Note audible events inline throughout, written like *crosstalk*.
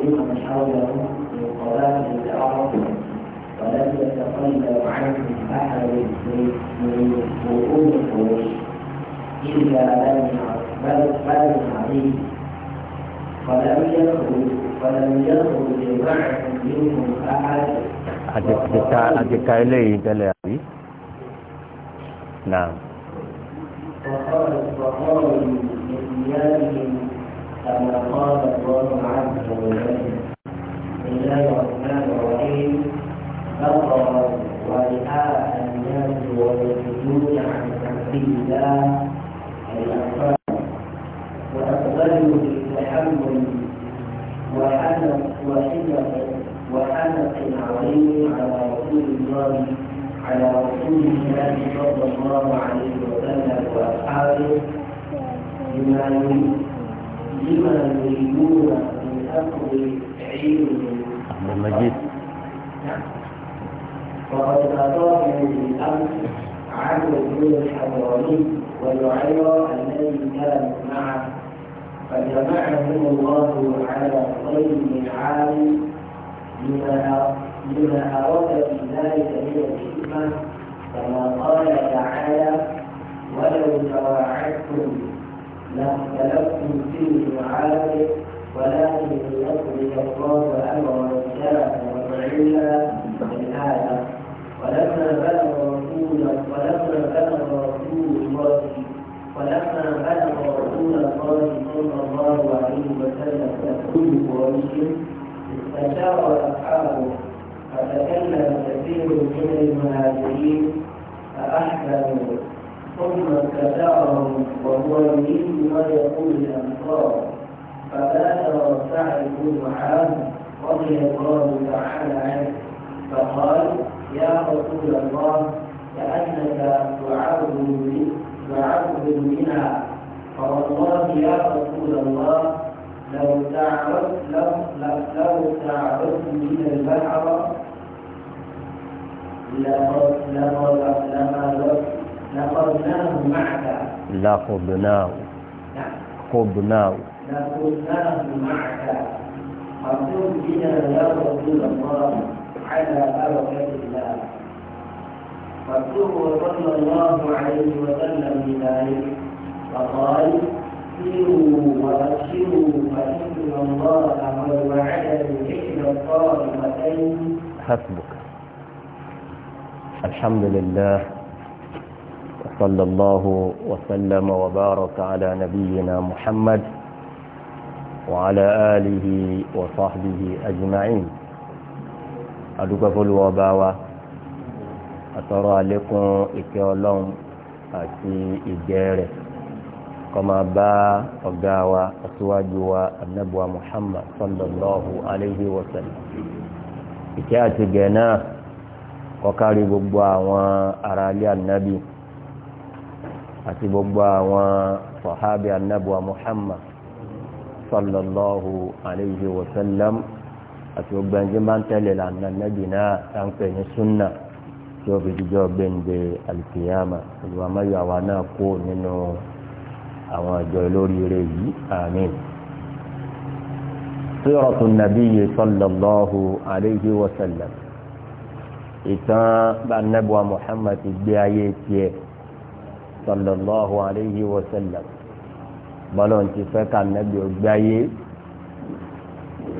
يدركون من حولهم بالقرآن للأعرض ولم يتقلب عنهم أحد من وقوم الخروج إلا بل عظيم فلم يخرج فلم يخرج معهم منهم أحد أتكا إليه تلي أبي نعم فقال فقال من ديارهم كما قال بسم الله الرحمن الرحيم بقرا ورئاء الناس ويصدون عن سبيل الله الاطفال واقبلوا بتحمل وحنق وحنق عظيم على رسول الله صلى الله عليه وسلم واصحابه بما يريد لما يريدون نعم. من أخذ عين عبد المجيد وقد أضاف بالأمس عدد بن الحضرمي ويعير الذي كان معه فجمعهم الله على خير من عام لما لما أراد في ذلك من الحكمة كما قال تعالى ولو تواعدتم ما اختلفتم فيه معاذ ولكن يقضي الله امر كان وفعلا من هذا ولما بلغ رسول ولما بلغ رسول الله ولما بلغ رسول الله صلى الله عليه وسلم كل قريش استشار اصحابه فتكلم كثير من المهاجرين فاحكموا ثم كسرهم وهو يريد ما يقول الأنصار فبادر سعد بن معاذ رضي الله تعالى عنه فقال يا رسول الله كأنك تعبد منها فوالله يا رسول الله لو تعبدت لو, لو تعبدت من البحر لما لما لقضناه معك لقضناه قضناه لقضناه معك فاقول بنا يا رسول الله على بركة الله فاكتبه صلى الله عليه وسلم بذلك فقال سيروا وابشروا فإن الله قد وعدني إحدى الطائفتين حسبك الحمد لله صلى الله وسلم وبارك على نبينا محمد وعلى آله وصحبه أجمعين أدوك فلو وباوة أترى لكم إكيولون أتي إجارة كما با أقاوى أسواجوا النبوة محمد صلى الله عليه وسلم إكيات جناه kọkari gbogbo àwọn النبي àti gbogbo àwọn sọ̀hábì anábùwà Muhammad sallallahu alayhi wa sallam àti gbogbo ẹni tí ń bá ń tẹ̀lé lànà nàbì náà tá ń pè ní sunna tí ó fi dijọ́ gbẹ̀ǹde alìkìyàmà olùwà máyọ̀ àwa náà kó nínú àwọn àjọ olóríire yìí àmín. سيرة النبي صلى الله عليه وسلم إتان بأن نبوى محمد بآياتيه sallallahu alayhi wa sallam bọ́lá ń ti fẹ́ ká nàbí ọgbáyé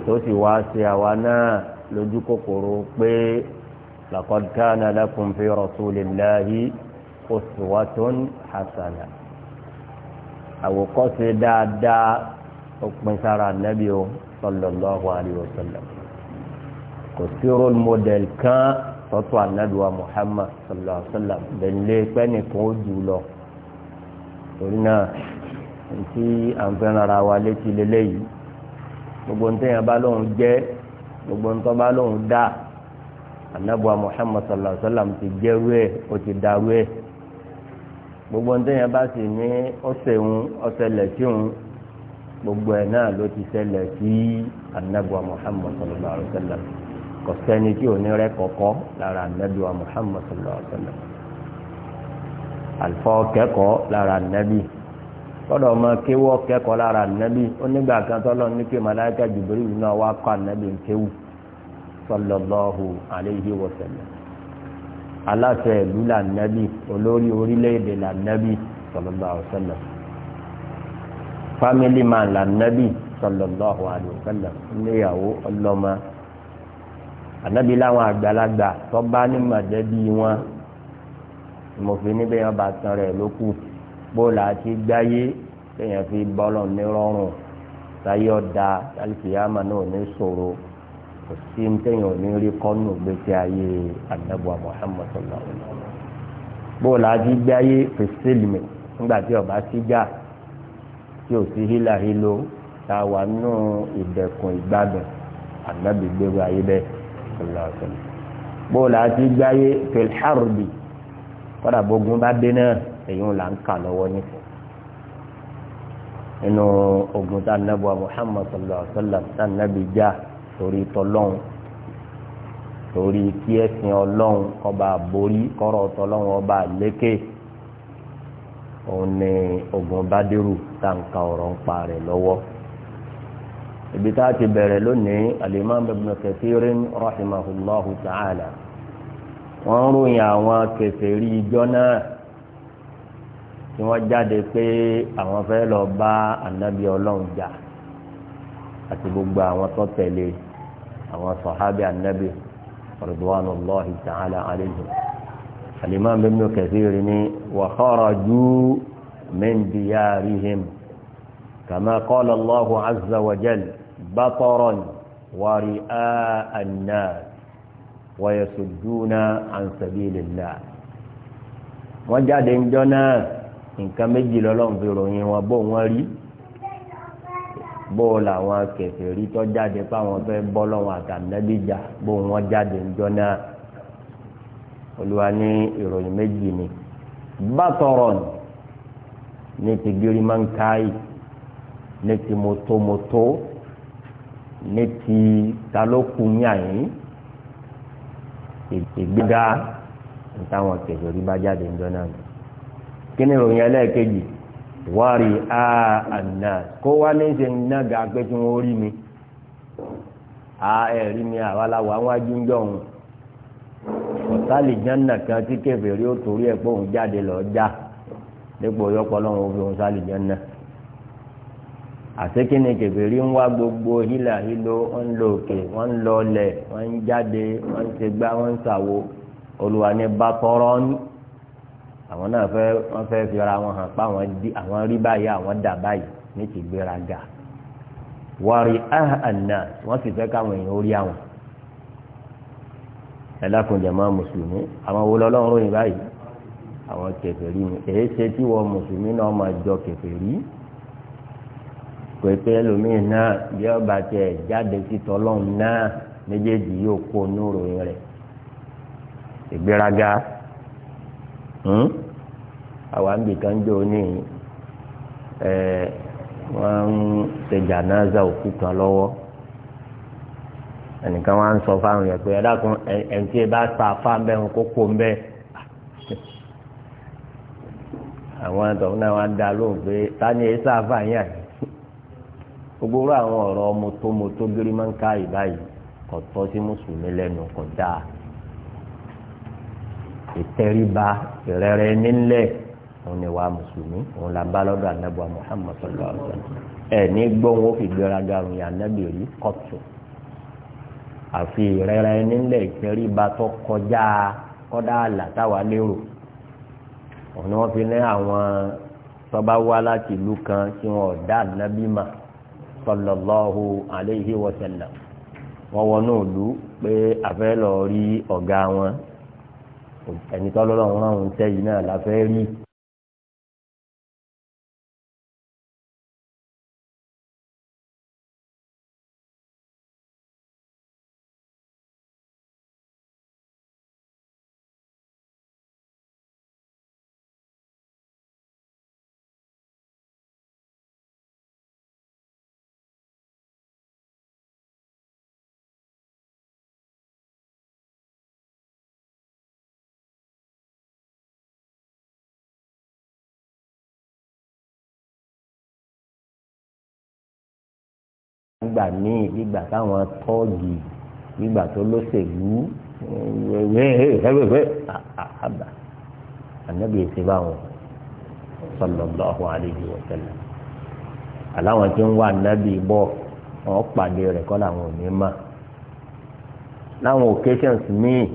tó sì wá sí àwa náà lójú kòkòrò pé laqad kana lakum fi rasulillahi uswatun hasana àwòkọ́ṣe dáadáa òpin sára nàbí o sallallahu alayhi wa sallam kò sí role model kan tọ́tù ànábìwá muhammad sallallahu alayhi wa sallam bẹ́ẹ̀ ni pẹ́ẹ́nì kan ó jù lọ torí náà tí à ń fẹ́ràn ara wa létí lélẹ́yìí gbogbo ń tẹ̀yàn bá lóun jẹ́ gbogbo ń tọ́ bá lóun dá anabuwa muhammad sallallahu alaihi wa sallam ti jẹ́rú ẹ̀ ó ti dàrú ẹ̀ gbogbo ń tẹ̀yàn bá sì ní ọ̀sẹ̀ ń gbogbo ẹ̀ náà ló ti ṣẹlẹ̀ sí anabuwa muhammad sallallahu alaihi wa sallam kò sẹ́ni tí ò ní rẹ́ kọ̀kọ́ lára anabuwa muhammad sallallahu alaihi wa sallam àlùfọ́ kẹ́kọ̀ọ́ lára nàbí kọ́dọ̀ ọmọ kéwọ́ kẹ́kọ̀ọ́ lára nàbí onígbà kan tọ́lọ́ ní kí màláíkà Jibril náà wá kọ́ ànábì kéwù sallallahu alayhi wa sallam aláṣẹ ìlú là nàbí olórí orílẹ̀-èdè là nàbí sallallahu alayhi wa sallam family man là nàbí sallallahu alayhi wa sallam níyàwó ọlọ́mọ ànábì ní mo fi níbẹ̀ yẹn bá tán rẹ̀ ló kù bóòlù àti gbáyé kéèyàn fi bọ́lọ̀ nírọ̀rùn táyé ọ̀dà alìkìyàmà náà ní ṣòro kò sí kéèyàn ò ní rí kọ́nù gbèsè ayé àdàbọ̀ Muhammad sallallahu alaihi wasallam bóòlù àti gbáyé fèsìlìmì nígbà tí ọba síjà tí ò sí hílàhílo tá a wà nù ìdẹ̀kùn ìgbádùn àdàbìgbèrú ayé bẹ́ẹ̀ bóòlù àti gbáyé fèlhárùbì kọ́dà bógun bá dé náà èyí ń là ń kà lọ́wọ́ nífẹ̀ẹ́ nínú ogun tá nàbọ Muhammad sallallahu alaihi wa sallam tá nàbí já torí tọlọ́hún torí kí ẹ̀sìn ọlọ́hún kọba borí kọ́rọ̀ tọlọ́hún ọba lékè òun ni ogun Bádírù tá n ka ọ̀rọ̀ ń pa rẹ̀ lọ́wọ́ ibi tá a ti bẹ̀rẹ̀ lónìí Al-Imam Ibn Kathirin rahimahullahu ta'ala wọ́n ń ròyìn àwọn kèfèrí ìjọ náà tí wọ́n jáde pé àwọn fẹ́ lọ bá ànábì ọlọ́run jà àti gbogbo àwọn tó tẹ̀lé àwọn sọ̀hábì ànábì radwanullahi ta'ala alayhim al-imam ibn kathir ni wa kharaju min diyarihim kama qala Allahu azza wa jalla bataran wa wa yasudduna an sabilillah wọ́n jáde ńjọ́ náà nǹkan méjì lọ́lọ́run fi ròyìn wọn bó wọn rí bó làwọn kèfèrí tó jáde fáwọn fẹ́ bọ́ lọ́wọ́ àtànẹ́bí jà bó wọn jáde ńjọ́ náà olúwa ní ìròyìn méjì ni bátọ̀rọ̀ ní ti girimankai ní ti mọ́tòmọ́tò ní ti talókùnyàn yìí ìgbéga nítawọn kẹsìrì bá jáde ń jọ́nà nù. kí ni ìròyìn ẹlẹ́ẹ̀kejì wárí a àná kó wá ní ṣe nága pé kí wọ́n rí mi a ẹ̀rí mi àwa làwọn àwọn ajínjọ́ òun ọ̀tá lè jẹ́nà kan tí kẹfẹ́ rí ó torí ẹ̀ pé òun jáde lọ́ọ́ já dípò yọpọ̀ lọ́wọ́ òun sálì jẹ́nà àsekínni kẹfẹ́rí ń wá gbogbo hílà hílo wọ́n ń lọ òkè wọ́n ń lọ ọlẹ̀ wọ́n ń jáde wọ́n ń ṣègbà wọ́n ń ṣàwo olùwà ní bá tọrọ ní àwọn náà fẹ́ wọ́n fẹ́ fi ara wọn hàn pa àwọn di àwọn rí báyìí àwọn dà báyìí ní ti gbéraga wàrí àhànà wọ́n sì fẹ́ káwọn èèyàn orí àwọn ẹlẹ́kùnjẹ̀mọ́ mùsùlùmí àwọn wo lọ́lọ́run ròyìn báyìí àwọn kẹfẹ́rí ni èyí ṣe tí wọ́n mùsùlùmí náà máa jọ kẹfẹ́rí pèpè ẹlòmíín náà bí ọba tẹ jáde sí tọlọ́hún náà méjèèjì yóò kó onúrò rẹ̀ ìgbéraga hmm? àwa ń bìkan jẹ́ òní wọ́n ń ṣe jànáza òkú kan lọ́wọ́ ẹnìkan wá ń sọ fáwọn yẹn pé ẹdáàkùn ẹnìtí ẹ bá ta fáwọn bẹ́ẹ̀ kó kó ń bẹ́ẹ̀ àwọn ẹ̀dọ̀ náà wá ń da lóhùn pé ta ni sáfà yẹn àyè gbogbo àwọn ọ̀rọ̀ mọ́tòmọ́tò gírímọ́ǹkà ìbáyìí kò tọ́ sí mùsùlùmí lẹ́nu kò dáa ìtẹríba ìrẹ́rẹ́ nílẹ̀ òun ni wàá mùsùlùmí òun là ń bá lọ́dọ̀ anábọ̀ Muhammad sallallahu alaihi wasallam ẹ̀ ní gbóhùn ó fi gbéraga òun yà nábì rí kọ́tù àfi ìrẹ́rẹ́ nílẹ̀ ìtẹríba tó kọjá kọ́dá àlà táwa lérò òun ni wọ́n fi ní àwọn tọ́ba wá láti ìlú kan tí wọ́n ọ̀dá nábì máa sallallahu alayhi wa sallam wọ́n wọnú ìlú pé àfẹ́ lọ rí ọ̀gá wọn ẹni tọ́lọ́lọ́run ráhùn tẹ́yìn náà láfẹ́ rí nígbà míì nígbà táwọn tọ́ọ̀gì nígbà tó lóṣèlú wẹ́ẹ́wẹ́ẹ́wẹ́ àbá ànábì èsì báwọn sallallahu alayhi wa sallam aláwọn tí ń wá ànábì bọ̀ wọn pàdé rẹ̀ kọ́ làwọn ò ní mà láwọn occasions míì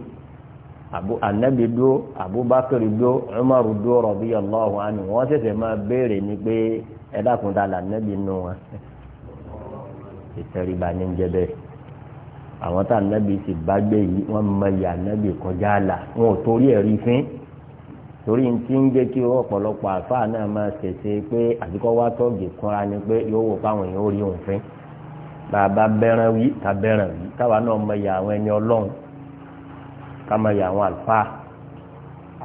abu anabi do abubakar do umaru do radiyallahu anhu wọn tẹsẹ máa béèrè ni pé ẹ dákun ta la anabi nù wọn ìtẹríba ní jẹ́ bẹ́ẹ̀ àwọn tá ànábì sì bá gbé yìí wọ́n mọ ìyá ànábì kọjá àlà wọn ò torí ẹ̀rí fín torí n ti ń jẹ́ kí ọ̀pọ̀lọpọ̀ àfáà náà máa ṣèṣe pé àbíkọ́ wá tọ́ọ̀gì kúnra ni pé yóò wò fáwọn èèyàn ó rí òun fín bàbá bẹ́ràn wí ká bẹ́ràn wí káwa náà mọ ìyá àwọn ẹni ọlọ́run ká mọ ìyá àwọn àlùfáà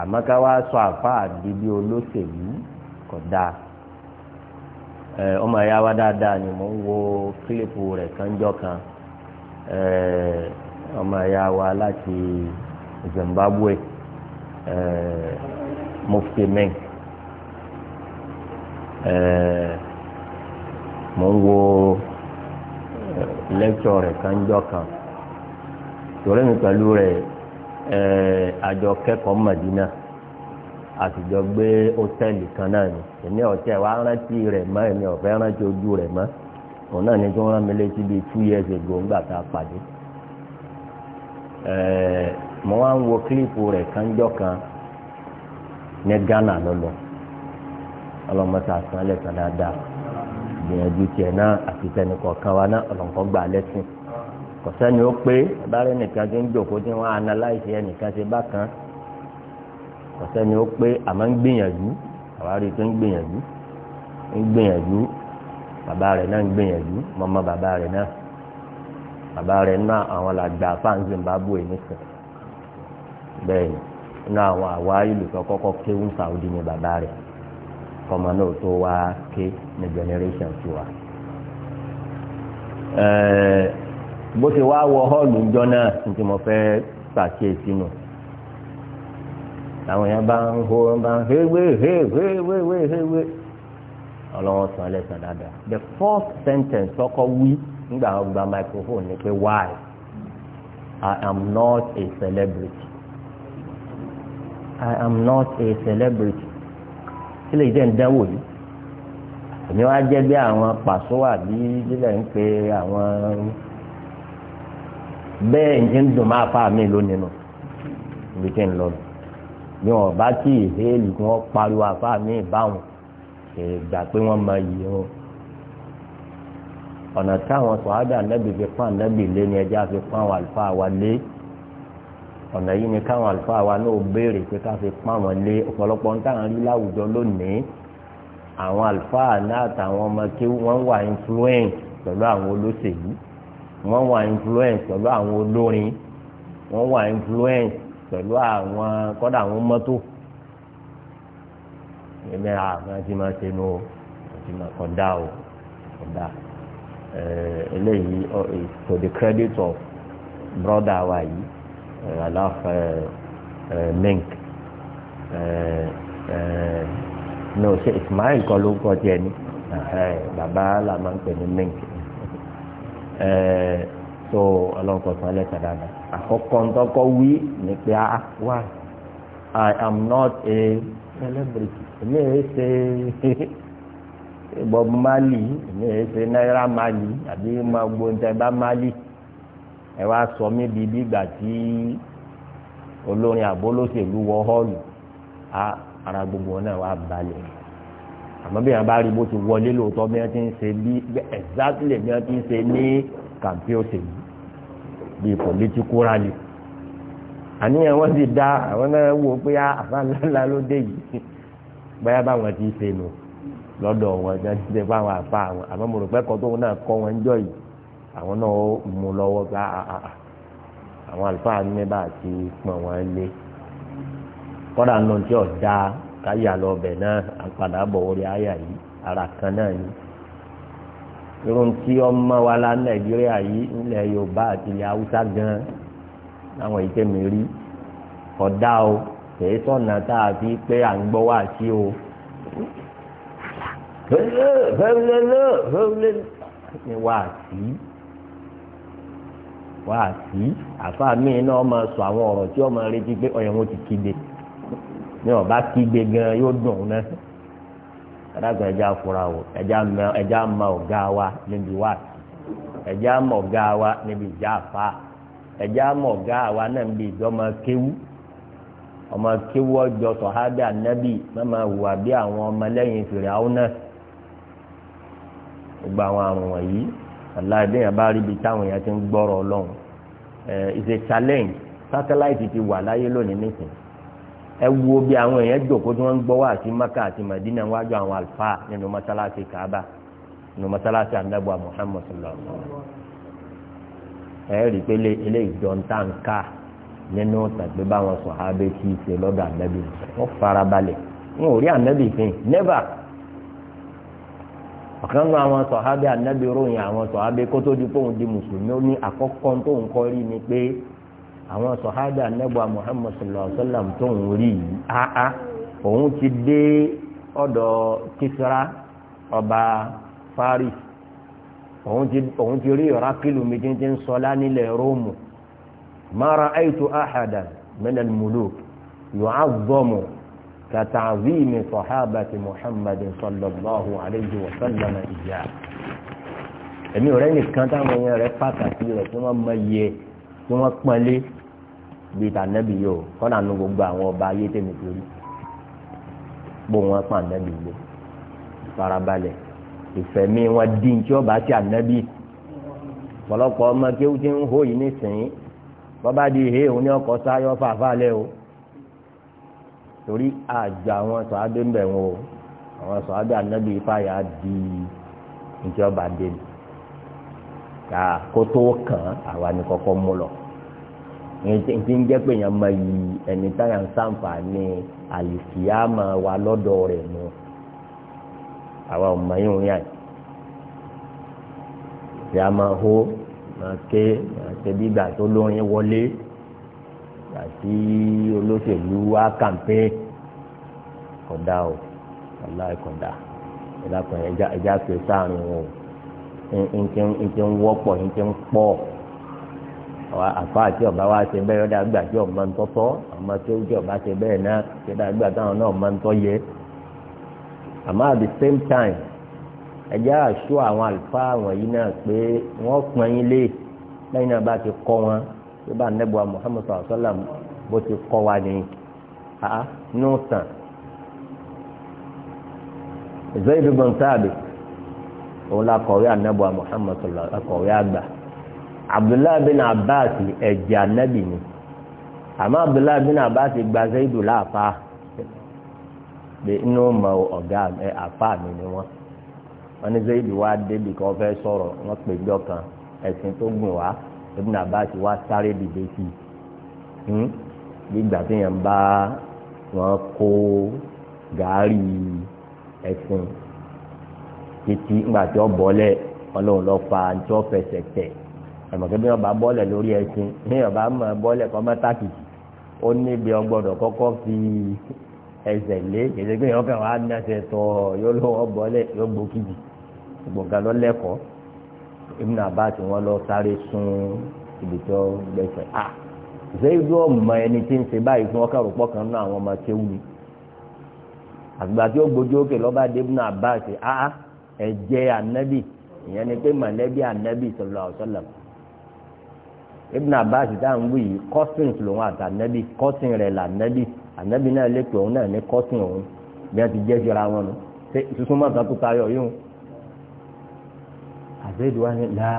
àmọ́ ká wá sọ àfáà di olóṣèlú kódà ọmọ ẹ̀yà wa dáadáa ni mò ń wo kílípù rẹ̀ kánjọ́ kan ọmọ ẹ̀yà eh, láti Zimbabwe eh, mufti meng eh, mò ń wo lẹ́kítọ̀ rẹ̀ kánjọ́ kan pẹ̀lú àtijọ́ gbé hòtẹ́ẹ̀lì kan náà ni èmi ọ̀tẹ̀ wa rántí rẹ̀ mọ́ èmi ọ̀fẹ́ rántí ojú rẹ̀ mọ́ òun náà ni two years ago ńgbà tá a pàdé mo wá ń wo kílípù rẹ̀ kánjọ́ kan ní Ghana lọ́lọ́ ọlọ́mọta àtúnwá lẹ́sàn dáadáa gbìyànjú tiẹ̀ náà àti tẹnìkọ̀ kan wa náà ọlọ́nkọ́ gbà lẹ́sìn kọ̀sẹ́ni ó pé bá ti ń jòkó tí ọ̀sẹ́ni ó pé àmọ́ ń gbìyànjú àwárí tó ń gbìyànjú ń gbìyànjú bàbá rẹ̀ náà ń gbìyànjú mọ́mọ́ bàbá rẹ̀ náà bàbá rẹ̀ náà àwọn làgbà fáǹsì ń bá bò é nísìn bẹ́ẹ̀ ni náà àwọn àwárí lùkọ́ kọ́kọ́ kéwù sàwùdí ni bàbá rẹ̀ kọ́mọ náà tó wá ké ní generation tiwa. bó ti wá wọ họ́ọ̀lù ńjọ́ náà ní tí mo fẹ́ ṣàkíyèsí nù. No làwọn èèyàn bá ń hó ń bá ń héwé héwé héwé héwé ọlọ́wọ́ sọ ẹlẹ́sìn dáadáa the first sentence ọkọ wí nígbà wọn gba microphone ni pé why I am not a celebrity I am not a celebrity kí lè jẹ́ ìdánwò yìí èmi wá jẹ́ bí àwọn pàṣọ àbí lílẹ̀ ń pe àwọn bẹ́ẹ̀ ń dùn máa fa mi lónìí nù ibi tí ń lọ nù ní ọba tí ìhéèlì kí wọ́n pariwo àfa mi báwọn ìgbà pé wọ́n máa yí wọn. ọ̀nà táwọn sọ̀hádà nẹ́bì fi pọ́n nẹ́bì lé ní ẹjẹ́ àfi pọ́n àwọn àlùfáà wa lé ọ̀nà yìí ni káwọn àlùfáà wa náà béèrè pé ká fi pọ́n àwọn lé ọ̀pọ̀lọpọ̀ ń táwọn rí láwùjọ lónìí àwọn àlùfáà náà àtàwọn ọmọ kí wọ́n wà influence pẹ̀lú àwọn olóṣèlú wọ́n wà influence pẹ̀lú àwọn olórin wọ́n wà influence pẹ̀lú àwọn kọ́dà àwọn mọ́tò ẹ̀mẹ́ àwọn ti máa ṣe nu ti máa kọ̀dá o kọ̀dá eléyìí to the credit of brother wa yìí alaf mink no ṣe Ismail kan ló ń kọ́ tiẹ̀ ní bàbá la máa ń pè ní mink so ọlọ́nkọ̀ọ́sán lẹ́sẹ̀ dáadáa àkọ́kọ́ ntọ́kọ́ wí ni pé ah why i am not a celebrity èmi ẹ̀ ṣe bob marley èmi ẹ̀ ṣe naira marley àbí magbo ntẹ̀bá marley ẹ wá sọ mí bíi bí ìgbà tí olórin àbólóṣèlú wọ họ́ọ̀lù ara gbogbo náà wà balẹ̀ àmọ́ bí wọn bá rí bó ti wọlé lóòótọ́ bí wọn ti ń ṣe bí exactly bí wọn ti ń ṣe ní kàmpé òṣèlú bíi political rally àníyàn wọn sì dá àwọn náà wò pé ah, àfàlálà ló dé yìí báyà báwọn ti ṣe nù lọ́dọ̀ wọn jẹ́ ti ṣe fáwọn àfa àwọn àmọ́ mo rò pé kọ́ tóun náà kọ́ wọn jọ yìí àwọn náà ó mú lọ́wọ́ pé ah, ah, àwọn àlùfáà ní bá ti pọ̀n wọn lé kọ́dà nù tí ò dáa káyà lọ bẹ̀ náà àpàdà bọ̀ orí àyà yìí ara kan náà ni irun tí ọmọ wa la nàìjíríà yìí nílẹ̀ yorùbá àti ilẹ̀ haúsá gan àwọn ìtẹ̀mí rí kódà o kèé sọ̀nà tá a fi pé à ń gbọ́ wá sí o. fẹ́ẹ́lẹ́lẹ́ fẹ́ẹ́lẹ́lẹ́ ni wá sí wá sí àfáà mi náà máa sọ àwọn ọ̀rọ̀ tí ọmọ retí pé ọ̀yàn wọn ti kígbe ní ọba kígbe gan yóò dùn náà adágún ẹja fura o ẹja ma ọ̀gá wa níbi wá ẹja ma ọ̀gá wa níbi ìjà àfa ẹja ma ọ̀gá wa náà níbi ìjọba kéwú ọmọ kéwú ọjọ́ sọ̀hábẹ́ ànábì mẹ́ma hùwà bí àwọn ọmọlẹ́yìn fèrè àwọn náà gbogbo àwọn àrùn wọ̀nyí aláìdéyàn bá rí ibi táwọn èèyàn ti ń gbọ́rọ̀ ọlọ́run ẹ̀ eh, is a challenge satellite ti wà láyé lónìí nìkan ẹ wo bí àwọn èèyàn jòkó tí wọ́n ń gbọ́ wá sí maka àti madina wájú àwọn alfa nínú masalasi kaaba nínú masalasi anabu muhammad sallallahu alaihi wa sallam ẹ rí i pé eléyìí jọ ń tà ń ká nínú tàbí báwọn sọ̀hábẹ́ kì í ṣe lọ́dọ̀ anabi wọ́n farabalẹ̀ wọn ò rí anabi fún never ọ̀kan nínú àwọn sọ̀hábẹ́ anabi ròyìn àwọn sọ̀hábẹ́ kótó di pé òun di mùsùlùmí ó ní àkọ́kọ́ tóun kọ́ rí ni pé àwọn sọ̀hádà nẹ́gbà Muhammad sallallahu alaihi wasallam tó ń rí yìí áá òun ti dé ọ̀dọ̀ Kisra ọba Faris òun ti rí ìrákìlù mi tí ń sọlá nílẹ̀ Róòmù ma ra'aytu ahadan min al-muluk yu'azzamu كتعظيم صحابة محمد صلى الله عليه وسلم إياه èmi ọ̀rẹ́ nìkan táwọn èèyàn rẹ̀ pàtàkì rẹ̀ tí wọ́n mọ iye tí wọ́n pọ́nlé bíi tànẹ́bì yìí o kọ́nà nu gbogbo àwọn ọba ayé tèmi torí bó wọn pa ànẹ́bì gbó farabalẹ̀ ìfẹ̀mí wọn dín tí ọba ti ànẹ́bì pọ̀lọpọ̀ ọmọ kéwú ti ń hó yìí nísìnyí bọ́bá di ìhé òun ní ọkọ̀ sáyọ́ fàáfàá lẹ́ o torí àjà àwọn sọ̀ádé ń bẹ̀ wọn o àwọn sọ̀ádé ànábì ìfàyà di ìjọba dé ni kà kó kàn án àwa ni kọ́kọ́ mú lọ ti ń jẹ́ pé yẹn mọ iyì ẹni táyà ń sàǹfààní àlìkìyàmọ̀ wa lọ́dọ̀ rẹ̀ mu àwa ò mọ yín òun yà yìí ìyá máa hó máa ké máa ṣe bí ìgbà tó lórin wọlé àti olóṣèlú wa kàǹpé kọ̀dá o aláì kọ̀dá ìlàkùnrin ẹja ẹja fèsà àrùn o nkin nkin wọ́pọ̀ nkin pọ̀ àfa àti ọba wa ṣe bẹ́ẹ̀ ọ̀dà àgbà tí ọba ń tọ́tọ́ ọmọ tí ó jẹ́ ọba ṣe bẹ́ẹ̀ náà ṣe dá àgbà táwọn náà máa ń tọ́ yẹ. àmọ́ at the same time ẹjẹ́ àṣọ àwọn àlùfáà wọ̀nyí náà pé wọ́n pọn yín lé lẹ́yìn náà bá ti kọ́ wọn tó bá nẹ́bùa Muhammad sallam bó ti kọ́ wa ní nùsàn. Zayd ibn Thabit òun la kọ̀wé ànẹ́bùa Muhammad sallam akọ̀wé àgbà abdullahi bin abbas ẹ̀jẹ̀ anabi ni àmọ́ abdullahi bin abbas gba zaidu láàfa pé inú mọ ọ̀gá ẹ̀ àfa mi ni wọ́n wọ́n ní zaidu wá débi kan fẹ́ sọ̀rọ̀ wọ́n pè jọ kan ẹ̀sìn tó gùn wá ibn abbas wá sáré dìde sí i gbígbà hmm? tí yẹn bá wọn kó gàárì ẹ̀sìn títí ńgbà tí ó bọ́lẹ̀ ọlọ́run lọ́ọ́ fa ní tí fẹsẹ̀ tẹ̀ àmọ̀kẹ́ bí ọba bọ́ọ̀lẹ̀ lórí ẹṣin ní ọba mọ̀ bọ́ọ̀lẹ̀ kọ́ mọ́ tákìtì ó níbi ọgbọ́dọ̀ kọ́kọ́ fi ẹsẹ̀ lé kéde pé yọ̀ọ́kẹ́ wàá nẹ́sẹ̀ tọ̀ yóò lọ́wọ́ bọ́ọ̀lẹ̀ yóò gbókìjì gbọ̀ngàn lọ́lẹ́kọ̀ọ́ Ibn Abbas wọn lọ sáré sun ibi tó gbẹ̀sẹ̀ a ṣéyidú ọmọ ẹni tí ń ṣe báyìí fún ọkàn rúpọ̀ kan ni àgbà tí ó gbójú òkè lọ́ba dé Ibn Abbas a ẹ̀jẹ̀ ànábì ìyẹn ni pé mọ̀lẹ́bí ànábì sallallahu alaihi wasallam ibn abbas tá à ń wí yìí cousins lòun àti anabi cousin rẹ̀ là anabi anabi náà lè pè òun náà ní cousin òun bí wọ́n ti jẹ́ jọra wọn nù ṣe tuntun máa kan tó tayọ yìí o àbẹ́dùwá ni láà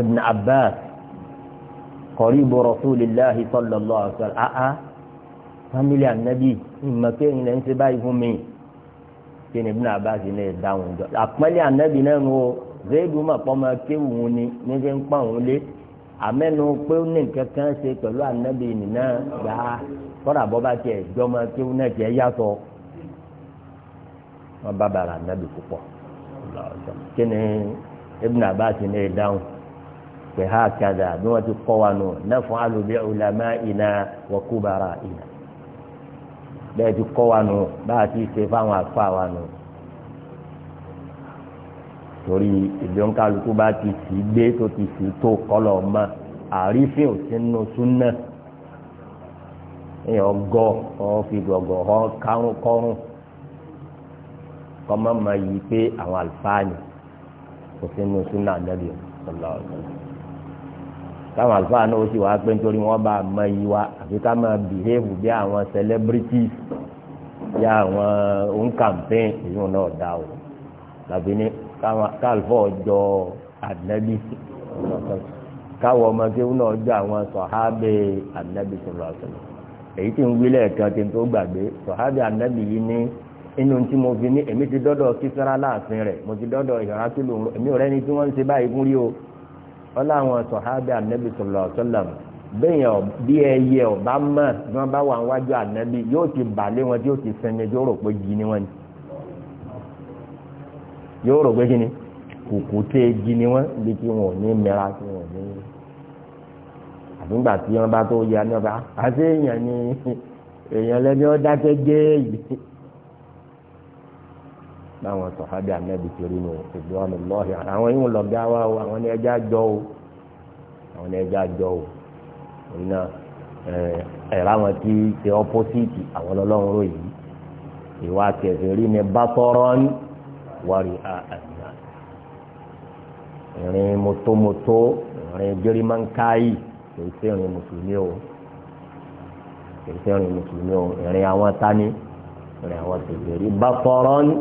ibn abbas qaribu rasulillahi sallallahu alaihi wasallam àá ah, ah. family anabi ìmọ̀kéyìn lẹ́yìn ṣe báyìí fún mi kí ibn abbas ní ẹ̀ dáhùn jọ àpẹẹlẹ anabi náà ń wo zaidu mọ̀ pọ́ máa kéwù wọn ni níbi ń pa òun lé. àmẹ́nu pé ó ní nǹkan kan ṣe pẹ̀lú ànábì nìna gbà á kọ́dà bọ́ tiẹ̀ jọmọ kí ó náà tiẹ̀ yàtọ̀ wọn bá bàrà ànábì púpọ̀ kí ni ní ìdáhùn pé ha kàdà bí wọ́n ti kọ́ wa nù naf'alu bi ulama'ina wa kubara'ina bẹ́ẹ̀ ti kọ́ wa nù bá a ti ṣe fáwọn afọ àwa torí ìdónkálukú bá ti sì gbé tó ti sì tó kọlọ ọmọ àrífín òsínú súnà èèyàn gọ ọ fi gọgọ ọ kárún kọrún kọmọ máa yí pé àwọn àlùfáà ni òsínú súnà ànábì ọlọ ọsàn táwọn àlùfáà náà ó sì wáá pé nítorí wọn bá mọ iyì wa àfi ká máa bìhéèvù bí àwọn celebrities bí àwọn òǹkàmpẹ́ẹ̀n èyí náà dá o làbí ní káàlùfọ́ ọjọ́ ànábì káwọ́ ọmọ kéwú náà jọ àwọn sọ̀hábẹ́ ànábì sọ̀rọ̀ àṣọ̀rọ̀ èyí tí ń wílẹ̀ kan tí n tó gbàgbé sọ̀hábẹ́ ànábì yìí ní inú tí mo fi ní èmi ti dọ́dọ̀ kíkẹ́rá láàfin rẹ̀ mo ti dọ́dọ̀ ìrákìlù èmi ò rẹ́ni tí wọ́n ń ṣe báyìí fún rí o wọ́n láwọn sọ̀hábẹ́ ànábì sọ̀rọ̀ àṣọ̀rọ̀ bẹ́yàn bí ẹyẹ ọ̀bá mọ̀ bí wọ́n bá wà wájú ànábì yóò ti bà lé wọn tí yóò ti sẹ́ni tí rò pé yìí ni wọ́n ni yóò rò pé kí ni kùkù tẹ jí ni wọn bí kí wọn ò ní mẹ́ra kí wọn ò ní àdúgbà tí wọn bá tó yẹ ní ọba àti èèyàn ni èèyàn lẹbi ọ dákẹ́ géèyì báwọn sọ̀hábì anábì ti rí nu ìgbọ́ ọ̀nà lọ́ọ̀hì àwọn yìí ń lọ gá wa o àwọn ní ẹja jọ o àwọn ní ẹja jọ o òun náà ẹ̀rọ àwọn tí ṣe ọ́pọ́sìtì àwọn ọlọ́run rò yìí ìwà kẹfẹ́ rí ni bá tọrọ ní wárí àná ìrìn mọ́tòmọ́tò ìrìn gírímọ̀nkáyì kìí sí ìrìn mùsùlùmí o kìí sí ìrìn mùsùlùmí o ìrìn àwọn tání ìrìn àwọn tèbèrè bá fọ́rọ́ ní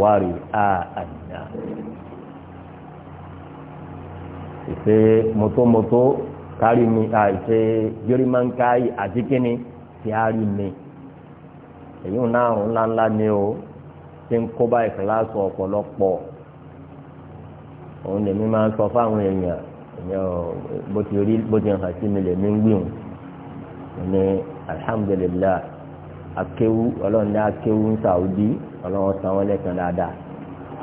wárí àná ìṣe mọ́tòmọ́tò kárí mi àìṣe gírímọ̀nkáyì àti kíni tí a rí mi èyí ò náà ń ńláńlá ni o tí ń kó bá ìkíláàsì ọ̀pọ̀lọpọ̀ òun lèmi máa ń sọ fáwọn èèyàn bó ti rí bó ti hàn sí mi lèmi ń gbìyànjú ní alhamdulilayi akéwú ọlọ́run ní akéwú ń sàwùdí ọlọ́run san wọn lẹ́sàn dáadáa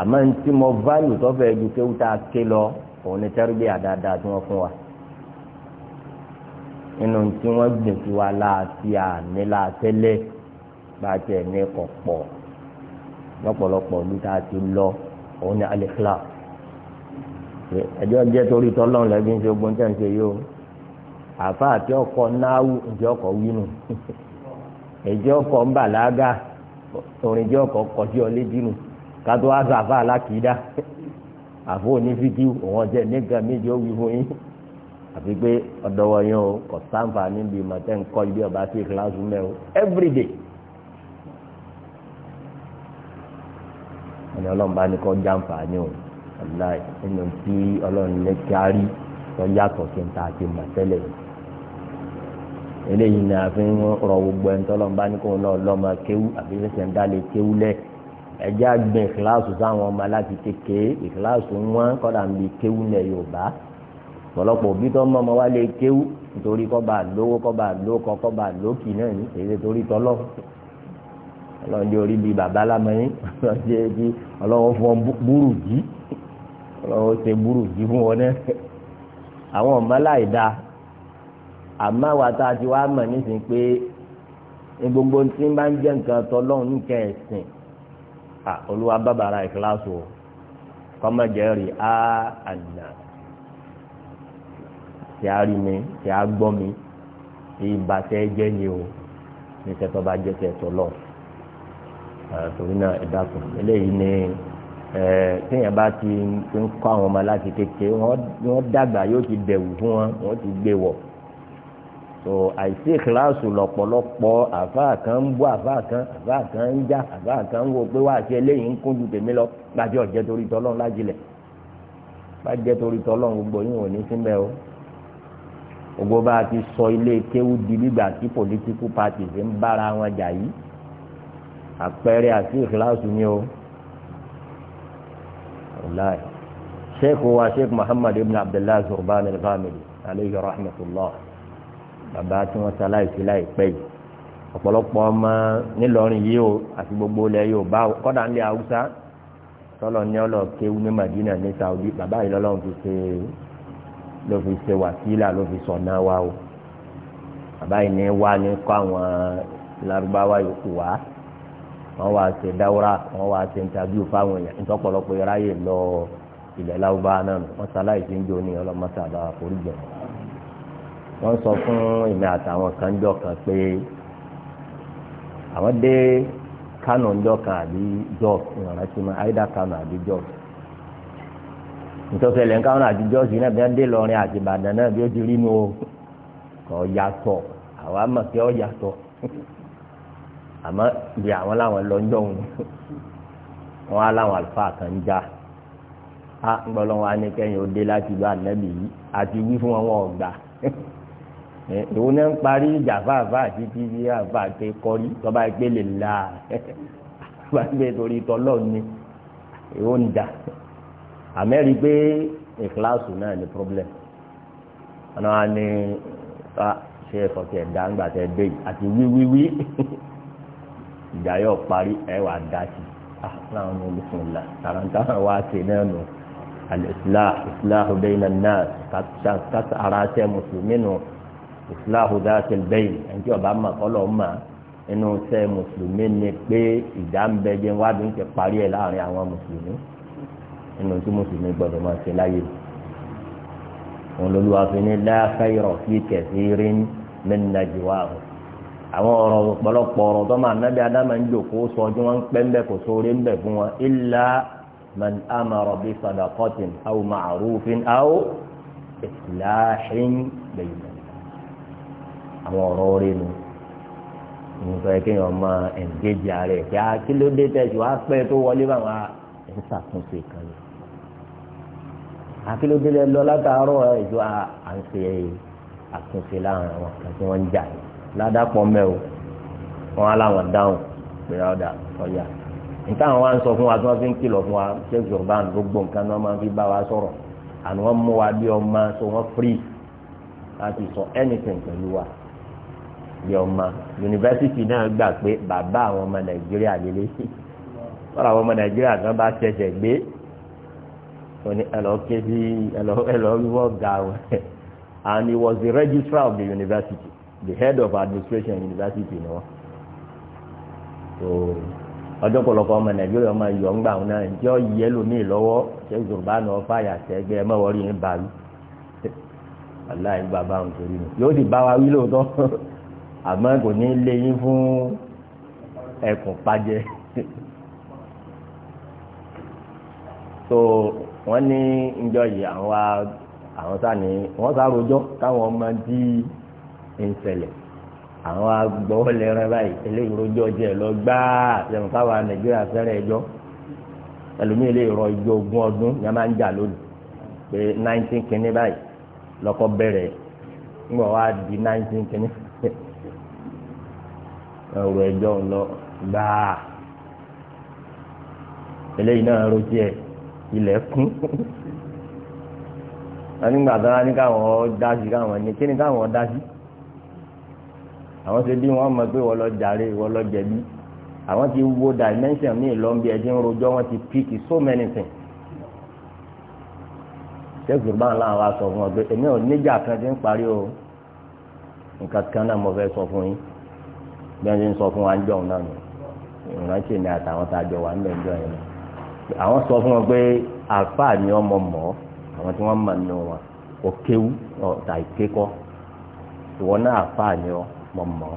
àmọ́ ní tí mo válù tó fẹ́ ju kéwú tá a ké lọ òun ní tẹ́rùbí àdáadáa tí wọ́n fún wa nínú tí wọ́n gbìn sí wa láàtì àní láàtẹ́lẹ̀ bá a tẹ̀ ní kọ̀pọ̀ lọ́pọ̀lọpọ̀ bí tá a ti lọ òun ni alikila ẹjọ́ jẹ́ torí tọ́lọ́run lẹ́gbẹ́ ṣe ogun tẹ̀ ń ṣe yìí o àfa àti ọkọ̀ náwó ǹjẹ́ ọkọ̀ wínú ẹ̀jẹ̀ ọkọ̀ ń bà lága orin jẹ́ ọkọ̀ kọjú ọlé dínú kátó wá sọ àfa alákìídá àfọ onífíkì òun ọjẹ́ nígbà méjì ó wí fún yín àfi pé ọ̀dọ́wọ́ yín o kò sáǹfà níbi ìmọ̀tẹ́ ńkọ́ ibi ọba sí kíláàsì mẹ́ everyday. ẹni ọlọ́run bá ní kọ́ jàǹfààní o ọ̀la ẹnu tí ọlọ́run ní kárí tó yàtọ̀ sí ta ti mọ̀ tẹ́lẹ̀ eléyìí ni àfi ń rọ gbogbo ẹni tọ́lọ́run bá ní kọ́ náà lọ́mọ kéwú àbí fẹsẹ̀ ń dálé kéwú lẹ̀ ẹjẹ́ àgbẹ̀ ìkíláàsù sáwọn ọmọ láti kékeré ìkíláàsù wọn kọ́dà ń bi kéwú lẹ̀ Yorùbá pọ̀lọpọ̀ òbí tó mọ ọmọ wa lè kéwú nítorí kọ́ bá lówó kọ́ bá lókì náà ní èyí ọlọ́run jẹ́ orí bíi bàbá lámẹ́yìn ọlọ́run jẹ́ bí ọlọ́run fún ọ búrú jí ọlọ́run ṣe búrú jí fún ọ náà àwọn ọmọ láì da àmọ́ àwa tá a ti wá mọ̀ nísìnyí pé gbogbo tí ń bá ń jẹ́ nǹkan tọ́lọ́run nìkẹ́ ẹ̀sìn olúwa bàbàrà ìkíláàsì o kọ́mọ jẹ́rìí á àná tí a rí mi tí a gbọ́ mi ìbàtẹ́ jẹ́ ni o ní sẹ́tọ́ bá jẹ́ sẹ́tọ́ lọ́wọ́ torí náà ẹ dákun eléyìí ni téèyàn bá ti ń kọ́ àwọn ọmọ láti kékeré wọ́n dàgbà yóò ti dẹ̀wù fún wọn wọ́n ti gbé wọ̀ so àìsí ìkíláàsù lọ́pọ̀lọpọ̀ àfáà kan ń bú àfáà kan àfáà kan ń já àfáà kan ń wo pé wá àti eléyìí ń kún ju tèmi lọ gbàjẹ́ ọ̀jẹ́ torí tọ́lọ́run lájílẹ̀ gbàjẹ́ torí tọ́lọ́run gbogbo yìí wò ní síbẹ̀ o gbogbo bá a ti sọ ilé kéwú di gbígbà tí political parties ń bára wọn jà yìí àpẹẹrẹ àti ìkíláàsù ni o ọláì sheikh wa sheikh muhammad ibn abdullahi zurban al-ghamidi aleyhi rahmatulah bàbá tí wọn ṣaláìsí láìpẹ́ yìí ọ̀pọ̀lọpọ̀ ọmọ nílọrin yìí o àti gbogbo ilẹ̀ yorùbá kọ́dà ńlẹ̀ haúsá tọ́lọ̀ ní ọlọ́ kéwú ní madina ní saudi bàbá yìí lọ́lọ́run fi ṣe ló fi ṣe wàsílà ló fi sọ̀nà wa o bàbá yìí ní wá ní kọ́ àwọn Lárúbáwá yòókù wá. wọn wá ṣe dáwúrà wọn wá ṣe ntàbíù fáwọn èèyàn ntọ́pọ̀lọpọ̀ iráyè lọ ilẹ̀ láwùbá náà nù wọ́n ń jó ní wọ́n sọ fún èmi àtàwọn kan jọ kan pé àwọn dé Kánò jọ kan àbí Jos àyídá Kánò àbí yìí náà bí wọ́n dé àti Ìbàdàn náà àmọ́ ibi àwọn làwọn lọ ń dọ̀hún wọn á láwọn àlùfáà kan ń já a ń gbọ́ lọ́wọ́ anìkẹ́yìn òde láti bá ànábì yìí àti wí fún wọn wọn ọ̀gbà èwo *laughs* eh, náà ń parí ìjà fáàfá àti tv àfáà ké kọrí tọ́ba ìpele là *laughs* bá gbé torí tọ́lọ́ ni èwo ń jà àmẹ́rí pé ìkíláàsù náà ní problem wọn náà ní ṣe é fọ́kẹ́ dáńgbà tẹ́ dé àti wíwíwí. *laughs* ìjà yóò parí ẹ wà dáàtì láwọn ọmọ olùsùnlá tàràǹtàrà wá sí ah, náà nù alìsíláà ìsíláàhù bẹ́yìn náà kàtà ara ṣe mùsùlùmí nù ìsíláàhù dáàtì bẹ́yìn ẹnjẹ ọba mà kọ́lọ̀ mà inú ṣe mùsùlùmí ni pé ìjà ń bẹ jẹun wádùn ti parí ẹ láàrin àwọn mùsùlùmí inú tí mùsùlùmí gbọdọ̀ máa ṣe láyé òun lolúwa fi ní láàfẹ́ yọ̀ fi kẹ̀sírin min najwahum àwọn ọ̀rọ̀ ọ̀pọ̀lọpọ̀ ọ̀rọ̀ tó máa nábì adama ń jòkó sọ tí wọ́n ń pẹ́ ńbẹ́ kò sóore ńbẹ́ fún wọn illa man amara bi sadaqatin aw ma'rufin aw islahin bayna àwọn ọ̀rọ̀ orí nu nǹkan kéèyàn máa ẹ̀ǹgéjì ààrẹ kí á kí ló dé tẹ̀sí wàá pẹ́ tó wọlé báwọn ẹ̀ ń ṣàtúnṣe kan ni àkìlódé lọ látàárọ̀ ẹ̀ jọ à ń ṣe àtúnṣe láàrin àwọn tí wọ́n ń jà yìí ládàpọ̀ mẹ́wò wọn á láwọn dáhùn pé ọ̀dà ọ̀yà nǹkan àwọn wa ń sọ fún wa tí wọ́n fi ń kìlọ̀ fún wa Sheikh Zurban gbogbo nǹkan náà máa fi bá wa sọ̀rọ̀ àni wọ́n mú wa bí ọmọ so wọ́n free láti sọ anything pẹ̀lú wa bí ọmọ yunifásitì náà gbà pé bàbá àwọn ọmọ Nàìjíríà lélẹ́ wọ́n làwọn ọmọ Nàìjíríà kan bá ṣẹ̀ṣẹ̀ gbé oní ẹ̀lọ́ ké sí ẹ̀lọ́ ẹ̀lọ́ wíwọ́ ga wọn *laughs* and he was the registrar of the university the head of administration university ni wọn so ọdún pọ̀lọpọ̀ ọmọ nàìjíríà ọmọ ìyọ ńgbà wọn náà ǹjẹ́ ọyẹ lómi lọ́wọ́ ṣé yorùbá náà fàyà sẹ́gbẹ́ ẹ mọ̀wọ́ rí ń bá wí aláì bàbá òun torí mi yóò sì bá wa wí lóòótọ́ àmọ́ kò ní lé yín fún ẹkùn pàjẹ́ so wọ́n ní ǹjọ́ yìí àwọn àwọn sáà ní wọ́n sá rojọ́ káwọn ọmọ díì ń ṣẹlẹ̀ àwọn agbọ́wọ́ lẹ́rán báyìí eléyìí rojọ́ jẹ́ lọ gbáà lẹ́nu káwa nàìjíríà fẹ́rẹ̀ ẹjọ́ ẹlòmíì eléyìí rọ ijó ogún ọdún ni a máa ń jà lónìí pé nineteen kìíní báyìí lọ́kọ́ bẹ̀rẹ̀ ńgbọ̀ wá di nineteen kìíní ọ̀rọ̀ ẹjọ́ ń lọ gbáà eléyìí náà rojọ́ ẹ̀ ilẹ̀ kún *laughs* wọn nígbà tó wá ní káwọn dá sí káwọn ní kíni káwọn dá sí àwọn ṣe bí wọ́n mọ̀ pé wọ́n lọ jàre wọ́n lọ jẹ̀bi àwọn ti wo dimension míì lọ́nbi ẹ̀dí ń rojọ́ wọ́n ti pick so many things ṣẹ́gun bá ń láwọn wa sọ fún ọ pé èmi ò níjà kan ti ń parí o nǹkan kan náà mo fẹ́ sọ fún yín bí wọ́n ti ń sọ fún wa ń jọ̀hún náà nù ìrántí mi àtàwọn tá a jọ wà ń bẹ̀ ń jọ yẹn àwọn sọ fún wọn pé àáfàá ni ọmọ mọ́ àwọn tí wọ́n mọ̀ nù wọn ò kéwú ọ̀ tà ìkékọ́ ìwọ náà àáfàá ni ọ́ mọ̀mọ́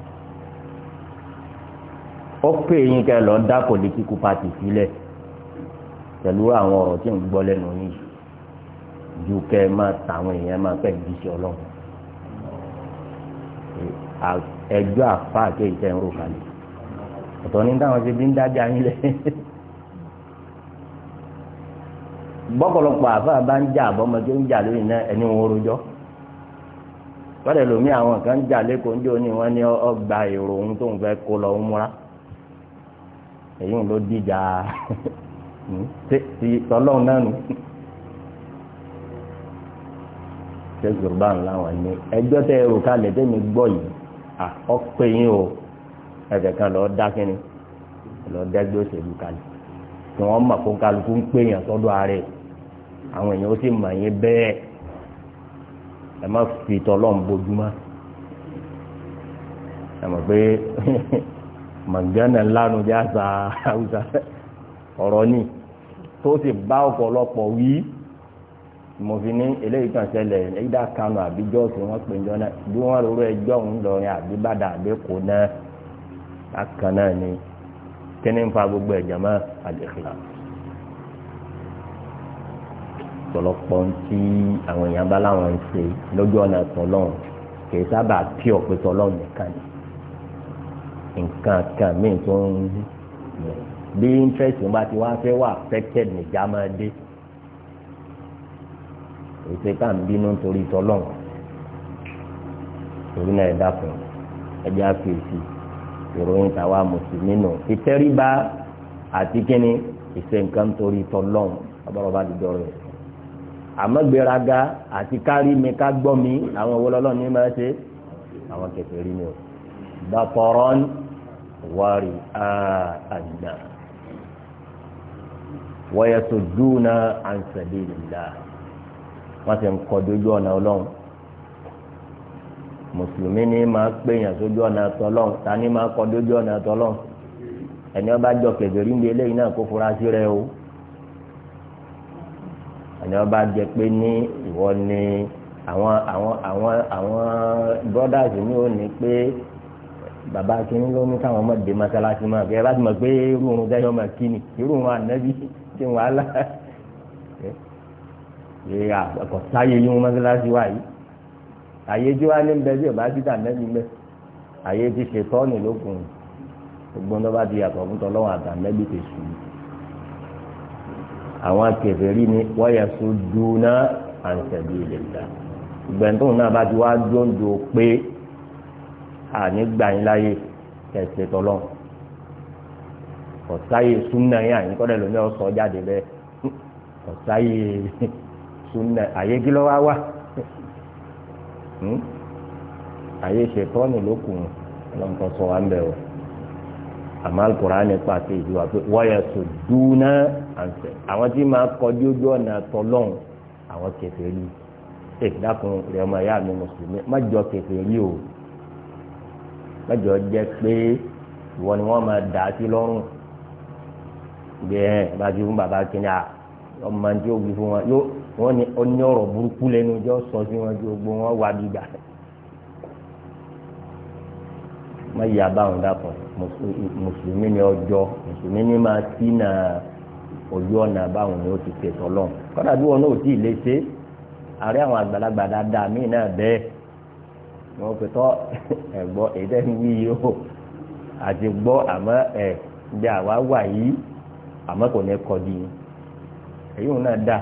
ó pè yín kẹ lọ dá pòlítíkù pati sílẹ̀ pẹ̀lú àwọn ọ̀rọ̀ tí ń gbọ́ lẹ́nu yìí ju kẹ máa tàwọn èèyàn máa fẹ́ jíṣẹ́ ọlọ́run ẹjọ́ àfa àti ìtẹ̀ ń rò kalẹ̀ ọ̀tọ̀ ní táwọn ṣe bí ń dájà yín lẹ̀ bọ́kọ̀lọpọ̀ àfa bá ń jà àbọ̀mọdé ń jà lóyìn náà ẹni wọn rojọ́ wọ́n lè lómi àwọn kan jà lẹ́kọ̀ọ́ ní wọ́n ní ọgbà èrò ohun tó ń fẹ́ kó lọ múra èyí ló dìjà hmm? ti tọ́lọ́hún náà nù. ṣé zurban láwọn ní ẹjọ́ tẹ ẹrù kalẹ̀ tẹ́mi gbọ́ yìí ọ̀pẹ yín o ẹ̀fẹ̀ kan lọ́ọ́ dá kínní lọ́ọ́ dẹ́gbẹ́ òṣèlú kalẹ̀ tí wọ́n mọ̀ kó kálukú ń pè yàn sọ́dọ̀ ààrẹ àwọn èèyàn ó sì mọ̀ yín bẹ́ẹ̀ ẹ má fi tọlọ́n bójúmọ́ ẹ mọ̀ pé *laughs* màgánà ńlánu bí àṣà haúsá ọ̀rọ̀ ni tó sì bá ọ̀pọ̀lọpọ̀ wí mo fi ní eléyìí kan ṣẹlẹ̀ ẹ̀dá kanu àbíjọ́ sí wọ́n pè jọ náà bí wọ́n rọrọ ẹjọ́ ń lọrin àbíbàdà àbẹ́kọ̀ náà akànnà ni kí ni ń fa gbogbo ẹ̀jẹ̀ mọ́ àdéhùn ọ̀pọ̀lọpọ̀ tí àwọn èèyàn bá láwọn ń ṣe lójú ọ̀nà tọ́lọ́n kì sábà pí ọ̀pẹ tọ́lọ́n nìkan ni nǹkan kan míì tó ń bí interest wọn bá ti wá fẹ́ wà affected nìjà máa dé èsì ká ń bínú torí tọ́lọ́n torí náà ẹ dákun ẹ jẹ́ àfẹ́sì ìròyìn tàwa mùsùlùmí nù ìtẹríba àti kíni ìṣe nǹkan torí tọ́lọ́n ọba ọba dídọ́ rẹ̀ àmọ́gbéraga àti kárí mi ká gbọ́ mi àwọn owó lọ́lọ́ ní máa ṣe àwọn kẹfẹ́ rí mi o bàtọ̀rọ̀ wárí àdá wayasudduna an sabilillah wọ́n ti ń kọ́ dojú ọ̀nà ọlọ́run mùsùlùmí ni máa pèèyàn sójú ọ̀nà tọ́lọ́run ta ni máa kọ́ dojú ọ̀nà tọ́lọ́run ẹni ọba jọ kẹfẹ́ rí mi eléyìí náà kó fura rẹ o ẹni wọn bá jẹ pé ní ìwọ ni àwọn àwọn àwọn àwọn brothers ní ò ní pé bàbá kínní ló ní káwọn ọmọdé mọ́sálásí máa fi ẹ bá ti mọ̀ pé irú òun dáyọ̀ máa kí ni irú òun ànábì *laughs* ti wàhálà ẹ àkọ́ sáyé yín mọ́sálásí wà yìí àyè tí wàá ní bẹ́ẹ̀ bí ọba ti dà nẹ́bí mẹ́ àyè ti ṣe tọ́ọ̀nì lókun gbogbo ní wọn bá ti yàtọ̀ fún tọ́lọ́wọ́n àtànẹ́bí ti sùn yìí àwọn kèfèrí ni wáyà sọ dúnà àǹtẹ̀bí ìlẹ̀dá ìgbẹ̀ntàn náà bá ti wá dóńdó pé ànígbà yín láyé kẹsẹ̀ tọ́lọ́ ọ̀sáyé súnà yín àyín kọ́dẹ̀ lómi ọ̀sọ́ jáde bẹ́ẹ̀ ọ̀sáyé súnà àyè kí ló wá wà hmm? àyè ṣètọ́nù lókùn ọlọ́mọkọ sọ ń bẹ̀ àmọ́ alukóra ní pàṣẹ ìlú wa pé wáyà tó dúná àǹsẹ̀ àwọn tí máa kọjú ojú ọ̀nà tọ́lọ́n àwọn kẹfẹ́ rí ìdákun rẹ̀ ọmọ ìyá mi mùsùlùmí májọ kẹfẹ́ rí o májọ jẹ́ pé ìwọ ni wọ́n máa dà á sí lọ́rùn bí ẹ bá ti fún bàbá kínní à ọmọ tí ó wí fún wọn yóò wọ́n ní ọ̀rọ̀ burúkú lẹ́nu ọjọ́ sọ sí wọn tí gbogbo wọn wá bí má yà báwọn dàpọ̀ mùsùlùmí ni ọjọ́ mùsùlùmí ni máa tí na ojú ọ̀nà báwọn ni ó ti pè tọ́lọ̀ kọ́dà bí wọn náà tí ì lè ṣe àárẹ̀ àwọn àgbàlagbà dáadáa míì náà bẹ́ẹ̀ wọn pè tọ́ ẹ̀gbọ́ èdè ń wí yìí o àti gbọ́ àmọ́ ẹ̀ bí àwa wà yìí àmọ́ kò ní kọ́ di èyí wọn náà dà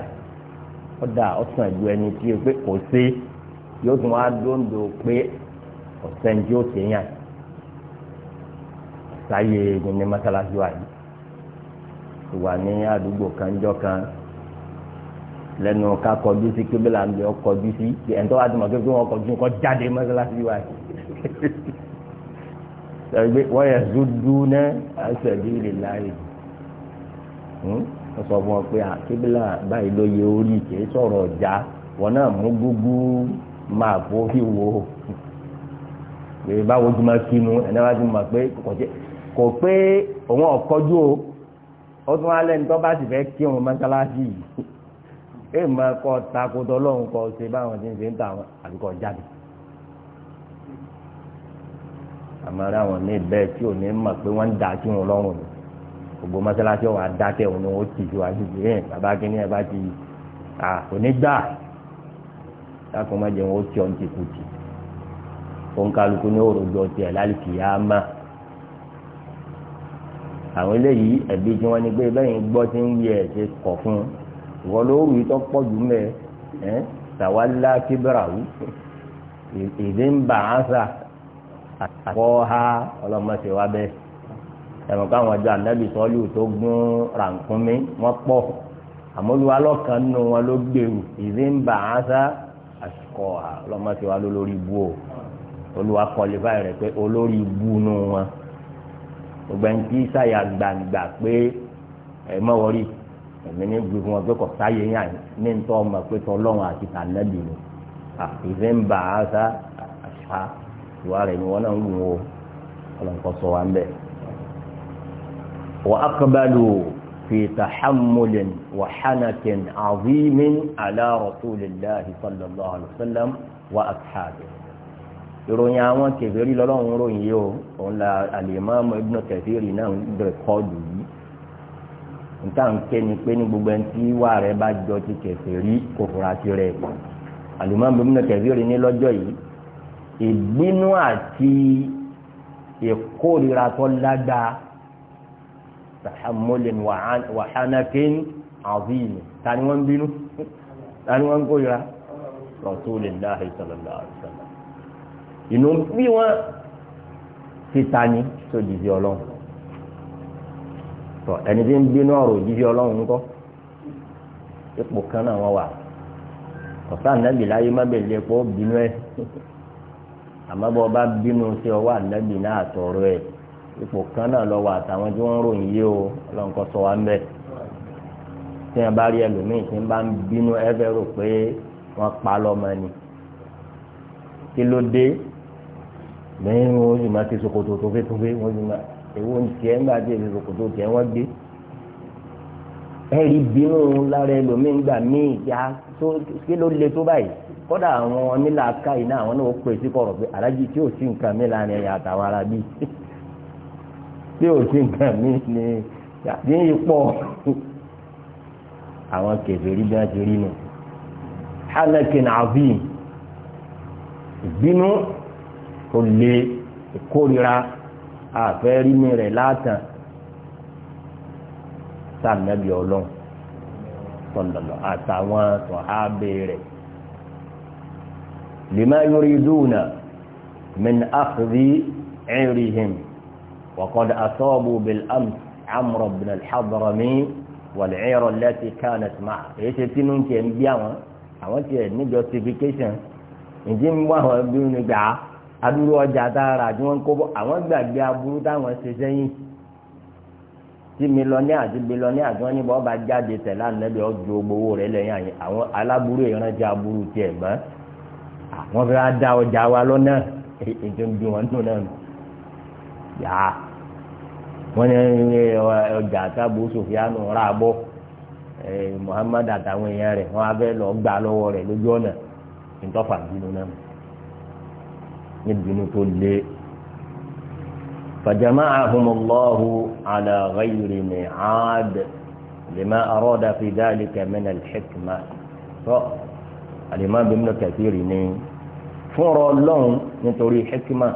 ó dà ó sàn ju ẹni tí o pé kò sí yóò tún wá dóńdó pé ọ̀sẹ̀ ń jó ṣèyàn sáyé egun ní mọ́sálásí wa yìí ìwà ní àdúgbò kanjọ́ kan lẹ́nu ká kọjú sí kébìlà ń bẹ ọkọjú sí ẹ̀ńtọ́ wa ti mọ̀ kékeré wọn kọjú kọ́ jáde mọ́sálásí wa yìí *laughs* wọ́n yẹ dúdú náà àṣẹ̀dí lè láàyè wọ́n hmm? sọ fún ọ pé kébìlà báyìí ló yẹ orí kì í sọ̀rọ̀ ọjà wọn náà mú gúgú máa bó híwo pé báwo ti máa kinu ẹ̀ná wa ti mọ̀ pé kò jẹ́ kò pé òun ọ̀kọ́jú o ó tún alẹ́ ní tó bá sì fẹ́ kí òun mọ́sálásí yìí èyí máa kọ́ takotọ́ lọ́hùn kọ́ ṣe báwọn ti ń ṣe ń tà wọn àbí kọ́ jáde. àmàrà àwọn ní bẹ́ẹ̀ tí ò ní mọ̀ pé wọ́n ń dà kí òun lọ́hùn ni gbogbo mọ́sálásí ọ̀hún adákẹ́ òun ni wọ́n ti ju àdúgbò yẹn bàbá kínní ẹ̀ bá ti à onígbà lákùnmọ́jẹ wọn ó ti ọ̀ ń ti kùtì àwọn eléyìí ẹbí tí wọn ní pé bẹ́ẹ̀ ń gbọ́ tí ń yẹ ẹ̀ ṣe kọ̀ fún un ìwọ lóru yìí tó pọ̀ jù mẹ́ ẹ́ tàwálá kíbràwù èdè ń bà á sà àkọ́ ha ọlọ́mọṣẹ́ wa bẹ́ẹ̀ ẹ̀rọ káwọn ọjọ́ ànábì sọ́ọ́lù tó gún ràǹkúnmí wọ́n pọ̀ àmọ́lùwà lọ́kàn nù wọn ló gbèrú èdè ń bà á sà àkọ́ ha lórí ibu o olùwà kọlifáì rẹ̀ pé olórí ibu nù wọn gbogbo ẹni tí sáyà gbàǹgbà pé ẹ mọ wọrí èmi ní gbogbo wọn pé kò sáyé yàn ní ntọ́ ọmọ pé tọ́lọ́run àti tànàbì ni àfìfẹ́ ń bà á sá àṣà ìwà rẹ̀ ni wọ́n náà ń wù wọ́n ọlọ́nkọ́ sọ wa ń bẹ̀. وأقبلوا في تحمل وحنك عظيم على رسول الله صلى الله عليه وسلم وأصحابه ìròyìn àwọn kèfèrí lọ́lọ́run ròyìn yìí o òun la àlèmọ́mọ́ Ibn Kathir náà ń rẹ̀kọ́dù yìí nta ń ké ni pé ní gbogbo ẹni tí wà rẹ bá jọ ti kèfèrí kò fura sí rẹ Al-Imam Ibn Kathir ní lọ́jọ́ yìí ìbínú àti ìkórira tó lágbàá tahammulin wa hanakin azim tani wọn bínú tani wọn kórira Rasulillah sallallahu alaihi wasallam inú bí wọn títa ní tó jìjì ọlọ́run tọ ẹni tí ń bínú ọ̀rọ̀ jìjì ọlọ́run ńkọ́ ipò kan náà wọ́n wà ọ̀sá ànábì láyé má bẹ̀ lè pọ̀ bínú ẹ̀ àmọ́ bọ́ bá bínú sí ọwọ́ ànábì náà tọ̀rọ̀ ẹ̀ ipò kan náà lọ wà àtàwọn tí wọ́n ròyìn yé o ọlọ́run sọ wá ń tí wọ́n bá rí ẹlòmíì tí wọ́n bá ń bínú ẹ fẹ́ rò pé wọ́n pa lọ́mọ ni kí ló dé lẹ́yìn wọn sì máa ké ṣòkòtò tó fẹ́ tó fẹ́ wọn sì máa èwo ń tiẹ̀ ń bá tiẹ̀ fi ṣòkòtò tiẹ̀ wọ́n gbé ẹ̀rí bínú lára ẹlòmíín gbà míì yá kí ló le tó báyìí kódà àwọn onílàáká yìí náà àwọn náà ó pè sí kọ̀rọ̀ pé alájí tí ò sí nǹkan mi láàrin ẹ̀yà àtàwọn ará bí *laughs* tí ò sí nǹkan mi ni yàtí ń pọ̀ *laughs* àwọn kèfèrí bí wọ́n ti rí nù hanakin abim bínú tó lé ìkórira àfẹ́rímì rẹ̀ látàn sànàbí ọlọ́run sọlọlọ àtàwọn sọ̀hábẹ́ rẹ̀ lima yuriduna min akhdhi irihim وقد أصابوا بالأمس عمرو بن الحضرمي والعير التي كانت معه èyí ṣe tínú ń tiẹ̀ ń bí àwọn àwọn tiẹ̀ ní justification ǹjẹ́ ń wá àwọn ẹbí ń gbà adúrú ọjà tá a rà tí wọ́n ń kó bọ́ àwọn gbàgbé aburú táwọn ṣe sẹ́yìn tí mílíọ̀nì àti bílíọ̀nì àti wọ́n ní bọ́ bá jáde tẹ̀lé ànábì ọjọ́ gbowó rẹ̀ lẹ́yìn àyìn àwọn aláburú ìrántí aburú tiẹ̀ mọ́ àwọn fẹ́ẹ́ dá ọjà wa lọ́nà ètò ìdí wọn nù náà yá wọ́n ní ọjà àtàbù Sùfíánù rà bọ́ Muhammad àtàwọn èèyàn rẹ̀ wọ́n á fẹ́ lọ gbà lọ́wọ́ rẹ̀ lójú ọ̀nà ìtọ́fà bínú náà níbi inú tó lé فجمعهم الله على غير ميعاد لما أراد في ذلك من الحكمة Al-Imam Ibn Kathir ni fúnra ọlọ́run nítorí hikima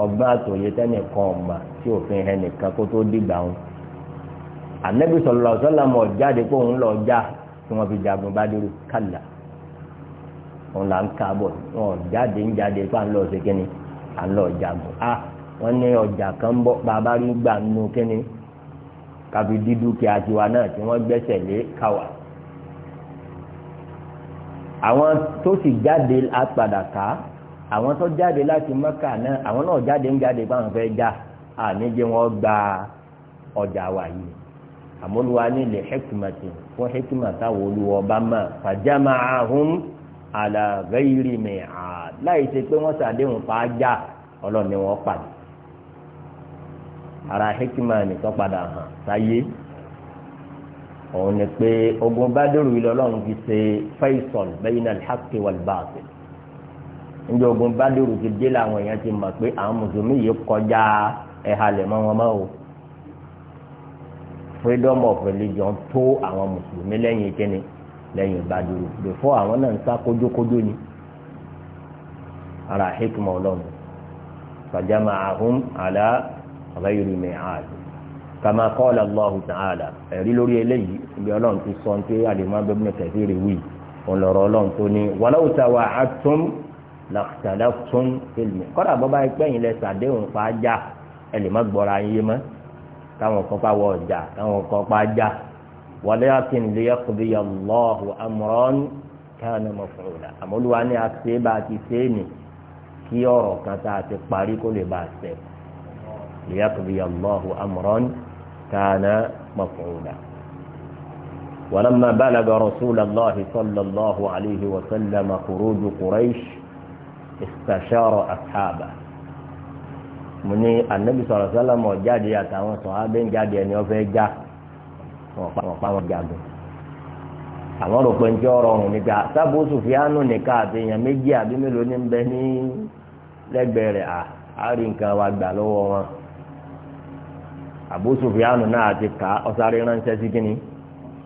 ọba àtòyè tẹnìkan ọ̀mà tí òfin ẹnìkan kó tó dìgbà wọn Ànábì sallallahu alaihi wasallam jáde kó òun lọ já tí wọ́n fi jagun Bádírù kálá òun là ń kábọ̀ wọn jáde ń jáde pa ń lọ ṣe kínní à ń lọ jagun a wọn ní ọjà kan ń bọ̀ bàbá rí gbà nù kínní káfi dí dúkìá tiwa náà tí wọ́n gbẹ́sẹ̀ lé káwa àwọn tó sì jáde apàdà ká àwọn tó jáde láti mọ́kà náà àwọn náà jáde ń jáde pa àwọn fẹ́ já àníjẹ́ wọn gba ọjà wa yìí àmọ́lùwà ní ilẹ̀ fún hẹ́kìmọ̀tà wo bá mọ̀ fàjámà àhún ala ghairi mi'ad láì ṣe pé wọ́n ṣàdéhùn fàájà ọlọ́run ni wọ́n pàdé ara hekima nìkan padà hàn sáyé òun ni pé ogun bádùrù ilé ọlọ́run fi ṣe faisal bayna al-haqqi wal-batil níjọ ogun bádùrù ti dé làwọn èèyàn ti mọ̀ pé àwọn mùsùlùmí yìí kọjá ẹ̀ha lẹ̀ mọ́ wọn mọ́ o freedom of religion tó àwọn mùsùlùmí lẹ́yìn kíni lẹ́yìn ìbádúró bẹfọ àwọn náà ń sá kójókójó ni ara hikma Ọlọ́run fàjámà àhún àlá ọgáyìrì mẹ́hàd kàmá kọ́ọ̀lá Allahu ta'ala ẹ̀rí lórí eléyìí ibi Ọlọ́run ti sọ pé àlèmọ́ abẹ́bùnú kẹfìrì wí ọlọ́rọ̀ Ọlọ́run tó ní walau tawa'adtum lakhtalaftum fil kọ́dà bọ́bá ẹgbẹ́ yìí lẹ sàdéhùn pa á gbọ́ra yé mọ́ táwọn kọ́ pa wọ ọjà táwọn kọ́ pa já walakin liyaqdi Allahu amran kana maf'ula àmọ́lúwa ni a ṣe bá a ti ṣe é nì kí ọ̀rọ̀ kan tá a ti parí kó lè bá a ṣe liyaqdi Allahu amran kana maf'ula. ولما بلغ رسول الله صلى الله عليه وسلم خروج قريش استشار أصحابه من النبي صلى الله عليه وسلم وجاد يا تاون صحابين جاد يعني وفي جاد wọn pa wọn jagun àwọn rò pé njẹ́ ọ̀rọ̀ ọ̀hún nígbà sábò sùfìánù nìkan àti èèyàn méjì àbí mélòó ní bẹ ní lẹ́gbẹ̀ẹ́ rẹ̀ à nǹkan wa gbà lọ́wọ́ wọn Abu Sufyanu náà ti kà á ọ̀sáré ránṣẹ́ sí kínní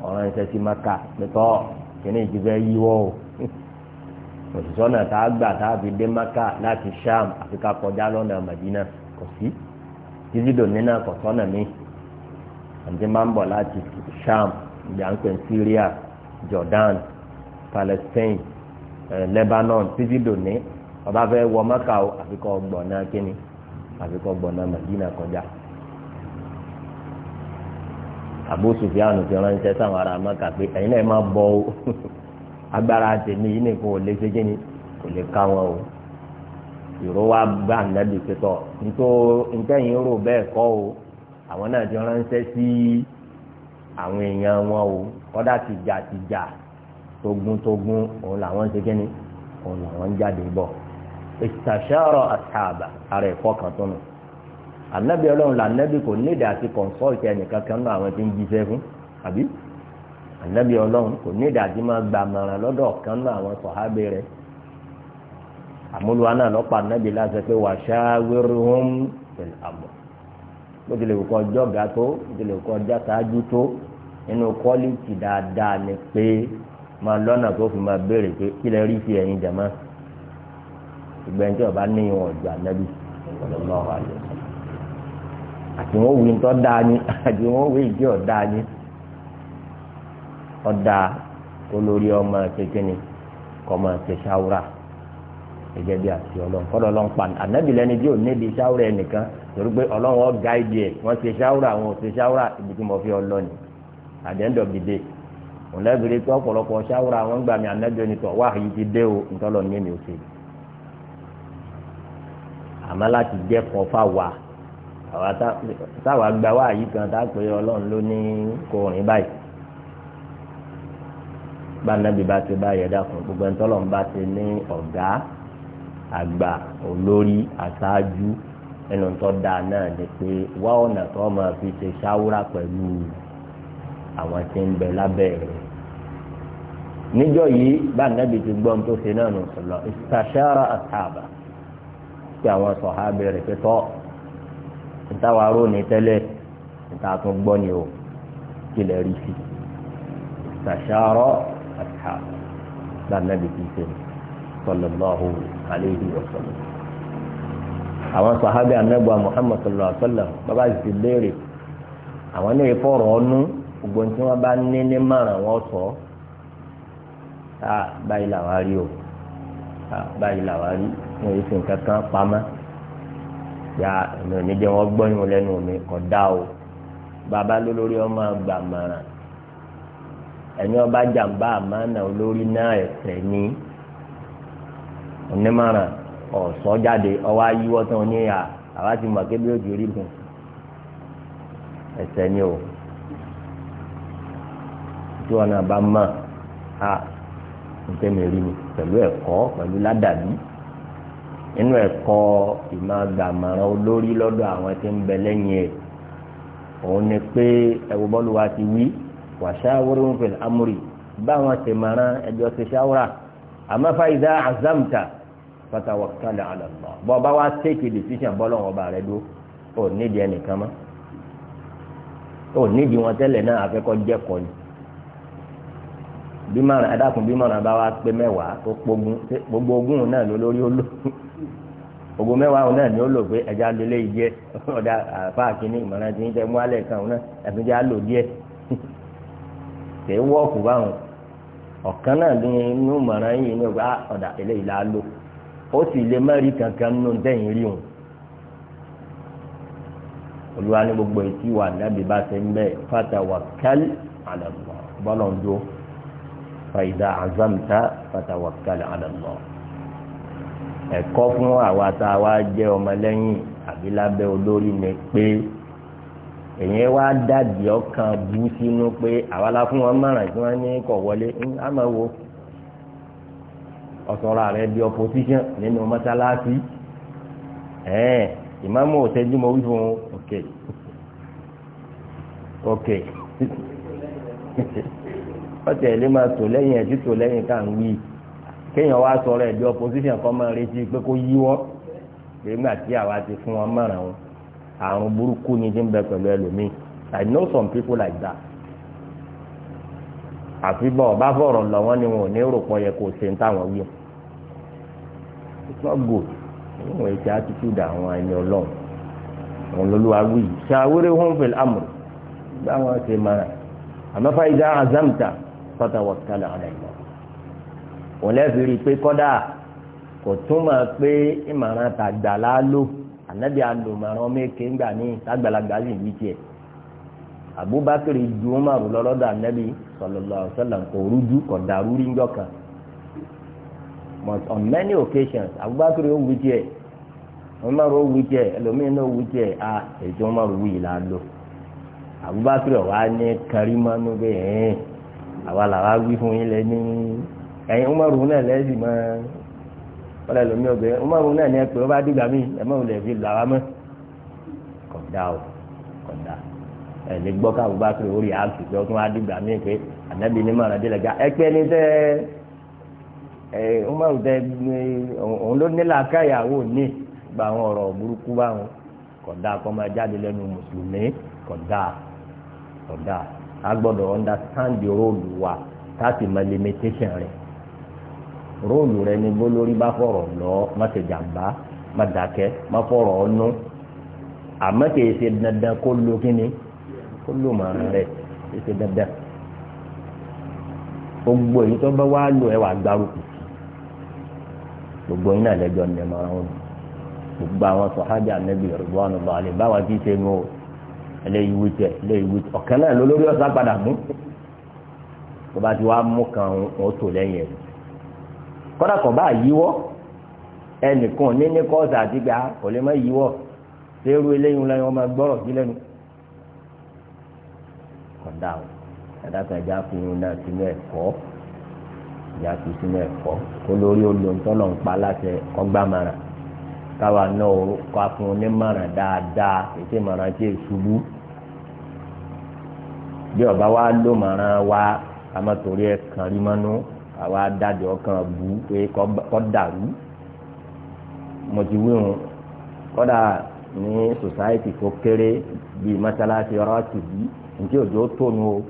ọ̀ránṣẹ́ sí maka pẹ̀tọ́ kínní ìjìbẹ́ yíwọ́ o òṣìṣọ́ náà tá a gbà tá a fi dé maka láti sham àfi ká kọjá lọ́nà Madina kò sí títí dòní náà kò sọ́nà míì àti máa ń bọ̀ láti sham ìyànpẹ̀ syria jordan palestine eh, lebanon títí dòní ọba fẹ́ wọ mọ́kà ó àfikọ́ gbọ̀nà kínní àfikọ́ gbọ̀nà madina kọjá àbó sufiánu ti ránṣẹ́ sáwọn ará mọ́kà pé ẹ̀yin náà máa bọ̀ ó *laughs* agbára tèmi yìí nìkan ò lè ṣe kínní kò lè ká wọn o ìró wa gbà nàbì pé tọ̀ nítorí ntẹ́yìn rò bẹ́ẹ̀ kọ́ o àwọn náà jọ ránṣẹ́ sí àwọn èèyàn wọn o kọ́dà tìjà tìjà togun-togun òun làwọn ń ṣe kí ni òun làwọn ń jáde bọ̀ ìtàṣàrọ̀ àtàbà ara ẹ̀kọ́ kan tó nù ànábì ọlọ́run lànábì kò nídìí àti consult ẹnìkan kan náà àwọn tí ń jíṣẹ́ fún àbí ànábì ọlọ́run kò nídìí àti máa gba àmọ̀ràn lọ́dọ̀ kan náà àwọn sọ̀hábẹ́ rẹ̀ àmúlùwà náà lọ́pàá ànábì láti pé wàṣà wẹ́rùhún pẹ̀lú àmọ̀ bó tilẹ̀ kó ọjọ́ ga tó bó tilẹ̀ kó ọjọ́ sáájú tó nínú kọ́líìtì dáadáa ni pé máa lọ́nà tó fi máa béèrè pé kí lẹ rí sí ẹ̀yin jàmá ìgbẹ́ntì ọba níyìn ọ̀jọ̀ ànábì sallallahu alaihi wasallam àti wọn wí ntọ́ dáa ni *laughs* àti wọn wí ìdí ọ̀dáa ni ọ̀dáa kó lórí ọmọ kékeré kọ́ máa ṣe ṣáwúrà gẹ́gẹ́ bí àti ọlọ́nkọ́dọ̀ ọlọ́npa ànábì lẹ́ni tí ò ní ibi ṣáwúrà ẹnìkan torí pé ọlọ́run ọ̀ gáìdì ẹ̀ wọ́n ṣe ṣáwúrà àwọn ò ṣe ṣáwúrà ibi tí mo fi ọ lọ ni at the end of the day òun lẹ́bìrì pé ọ̀pọ̀lọpọ̀ ṣáwúrà àwọn gbàmí anájọ ni tọ̀ wáhà yìí ti dé o ntọ́lọ́ ní èmi ò ṣe àmọ́ láti jẹ́ kọ́ fáwa àwa táwa gba wáhà yìí kan tá a pè ọlọ́run ló ní kó rìn báyìí gbanabi bá ti bá yẹda fún gbogbo ntọ́lọ́ ń bá ti ní ọ̀gá àgbà olórí àṣáájú nínú tó dáa náà ni pé wá ọ̀nà tó máa fi ṣe ṣáwúrà pẹ̀lú àwọn tí ń bẹ lábẹ́ rẹ̀ níjọ́ yìí bá nàbì ti gbọ́n tó ṣe náà nù sọ̀lọ́ ìṣàṣára àtàbà pé àwọn sọ̀hábì rẹ̀ pé ìtawà rò ní tẹ́lẹ̀ ìta tún gbọ́ ni o kílẹ̀ rí sí ìṣàṣára àtàbà bá nàbì ti ṣe sọ̀lọ́ lọ́hùn àléhùn ọ̀sọ̀lọ́ àwọn sahabi anabu muhammad sallallahu alaihi wa sallam bàbá yìí ti léèrè àwọn ní ìfọ̀rọ̀ ọ̀nù gbogbo tí wọ́n bá ní ní márùn wọn sọ a báyìí làwọn rí o a báyìí làwọn rí wọn yìí fi nǹkan kan pamọ́ ya èmi ò ní jẹ́ wọ́n gbọ́ lẹ́nu mi kọ́ dá o bàbá lólórí ọmọ àgbà mọ̀ràn ẹ̀yin ọba jàǹbá àmàna olórí náà ẹ̀sẹ̀ ní onímọ̀ràn ọ̀sọ́ jáde ọwọ́ ayíwọ́ tán ní à àwa ti mọ̀ kébí òjò rí gùn ẹsẹ̀ ni o tí wọn náà bá mọ̀ a nǹkan mẹ́rin ni pẹ̀lú ẹ̀kọ́ pẹ̀lú ládàbí nínú ẹ̀kọ́ ìmọ̀gbàmọ̀ràn olórí lọ́dọ̀ àwọn tí ń bẹ lẹ́yìn ẹ̀ òun ni pé ẹ̀wù bọ́ọ̀lù wa ti wí wàṣáwórí ń fẹ̀lẹ̀ amúrì báwọn ṣe mọ̀ràn ẹjọ́ ṣe ṣáwúrà àmọ́ fàyídà àzámta fatawakkal ala Allah bọ́ ọba wa take decision bọ́ lọ́wọ́ ọba rẹ dúró ó nídìí ẹnìkan mọ́ ó nídìí wọn tẹ́lẹ̀ náà afẹ́kọ́ jẹ́ kọ́ ni bímọ̀ràn adákùn bímọ̀ràn bá wa pé mẹ́wàá tó pogun gbogbo ogún náà ló lórí ó lò ogun mẹ́wàá náà ni ó lò pé ẹja ló lé ìjẹ ọ̀dà àfáàkì ní ìmọ̀ràn tí ń tẹ́ mú alẹ́ kan náà ẹ̀sìn jẹ́ àlò díẹ̀ kì wọ́ọ̀kù báwọn ọ̀kan náà ní inú ìmọ̀ràn yìí ní ọgbà ah, ọ̀dà eléyìí la lò ó sì lè má rí kankan nínú dẹ́yìn rí òun olúwa ní gbogbo etí wa nábì bá ti ń bẹ fatawakkal ala Allah bọ́lá ń do fàyidà azamta fatawakkal ala Allah ẹ̀kọ́ fún àwa tá a wá jẹ́ ọmọlẹ́yìn àbí lábẹ́ olórí ni pé èyí wá dàbí ọkàn bú sínú pé àwa la fún wọn mọ̀ràn tí wọ́n ní kọ̀ wọlé ń àmọ́ wo ọ̀sọ̀rọ̀ rẹ̀ di opposition nínú mọ́sálásí ẹ̀ẹ́n ìmáàmù òtẹ́jú mọ́ wí fún ok ok ọ̀tẹ̀ ilé máa tò lẹ́yìn ẹ̀jú tò lẹ́yìn ká ń wí kéèyàn wá sọ̀rọ̀ ẹ̀ di opposition kọ́ máa retí pé kó yí wọ́n nígbà tí àwa ti fún wọn mọ̀ràn wọn àrùn burúkú ni ti ń bẹ pẹ̀lú ẹlòmíì I know some people like that àfi bọ́ ọba fọ̀rọ̀ lọ wọ́n ni wọn ò ní rò pọ̀ yẹ kó o ṣe ń táwọn wí o it's not good wọ́n ti attitude àwọn ẹni ọlọ́run àwọn olólùwà wí ṣàwúrẹ́ wọn fẹ̀lẹ́ àmọ̀ bí àwọn ṣe máa àmọ́ fàyídà azamta fatawa kala alayna wọn lẹ́sìn rí i pé kọ́dà kò túmọ̀ pé ìmọ̀ràn tàgbà lálò ànábì àlòmọ̀ràn méke ńgbà ní tágbàlagbà sì yí tiẹ̀ Abubakar ju Umaru lọ́lọ́dọ̀ ànábì sallallahu alaihi kò rújú kò dàrú rí ńjọ́ kan but on many occasions Abubakar ó wí díẹ̀ Umar ó wí díẹ̀ ẹlòmíín náà wí díẹ̀ a ah, ètò Umar wí là á lò Abubakar wa ní karimanu bẹ́ẹ̀ ẹ̀ àwa làwa wí fún yín lẹ ní ẹ̀yin Umar náà lẹ́sìn mọ́ wọ́n lọ mí ọbẹ̀ Umar náà ní ẹ pé ó bá dìgbà mí ẹ mọ̀ lẹ́ fi làwa mọ́ kọ̀dá o kọ̀dá ẹ lè gbọ́ ká Abubakar ó rí àtúntò tó wá dìgbà mí pé ànábì ní màrán dé lẹ́gà ẹ pé ní tẹ́ ẹ. ẹ umaru tẹ òun ló ní làákàyàwó ní gba àwọn ọ̀rọ̀ burúkú báwọn kódà kó máa jáde lẹ́nu mùsùlùmí kódà kódà a gbọ́dọ̀ understand the role wa láti mọ limitation rẹ̀ róòlù rẹ ni bólórí bá fọ̀rọ̀ lọ má ṣe jàmbá má má fọ̀rọ̀ àmọ́ dandan kó lo kíni kó lo rẹ̀ ṣe dandan gbogbo èyí tó bá gbogbo yín náà lẹ́jọ́ ní ẹ̀mọ́ àwọn gbogbo àwọn sọ̀hájà nẹ́bí ọ̀rọ̀gbọ́n ọ̀nà bàálẹ̀ báwa ti ṣe mú o eléyìí wútẹ eléyìí wútẹ ọ̀kan náà lólórí ọ̀sá padà mú tó bá ti wá mú kan wọn tó lẹ́yìn ẹ̀ kọ́dà kọ́ bá yíwọ́ ẹnìkan níní kọ́ọ̀sì àti gbà ah, kò lè má yíwọ́ sẹ́rù eléyìí lẹ́yìn wọn máa gbọ́rọ̀ sí lẹ́nu kọ́dà o ẹ̀dá kan ẹja náà sínú ẹ̀kọ́. ìjà fi sínú ẹ̀kọ́ kó lórí olóńtọ́lọ̀ ń pa láṣẹ ọgbà mara káwa náà ó kọ́ fún onímọ̀ràn dáadáa ètò ìmọ̀ràn tí ṣubú bí ọba wa ló mara wa àmọ́ torí kàn rí àwa dájọ ọkàn bú pé kọ́ dàrú mo ti wí kọ́dà ní sòsáìtì tó kéré bíi mọ́sálásí ọ̀rọ̀ òjò tó o.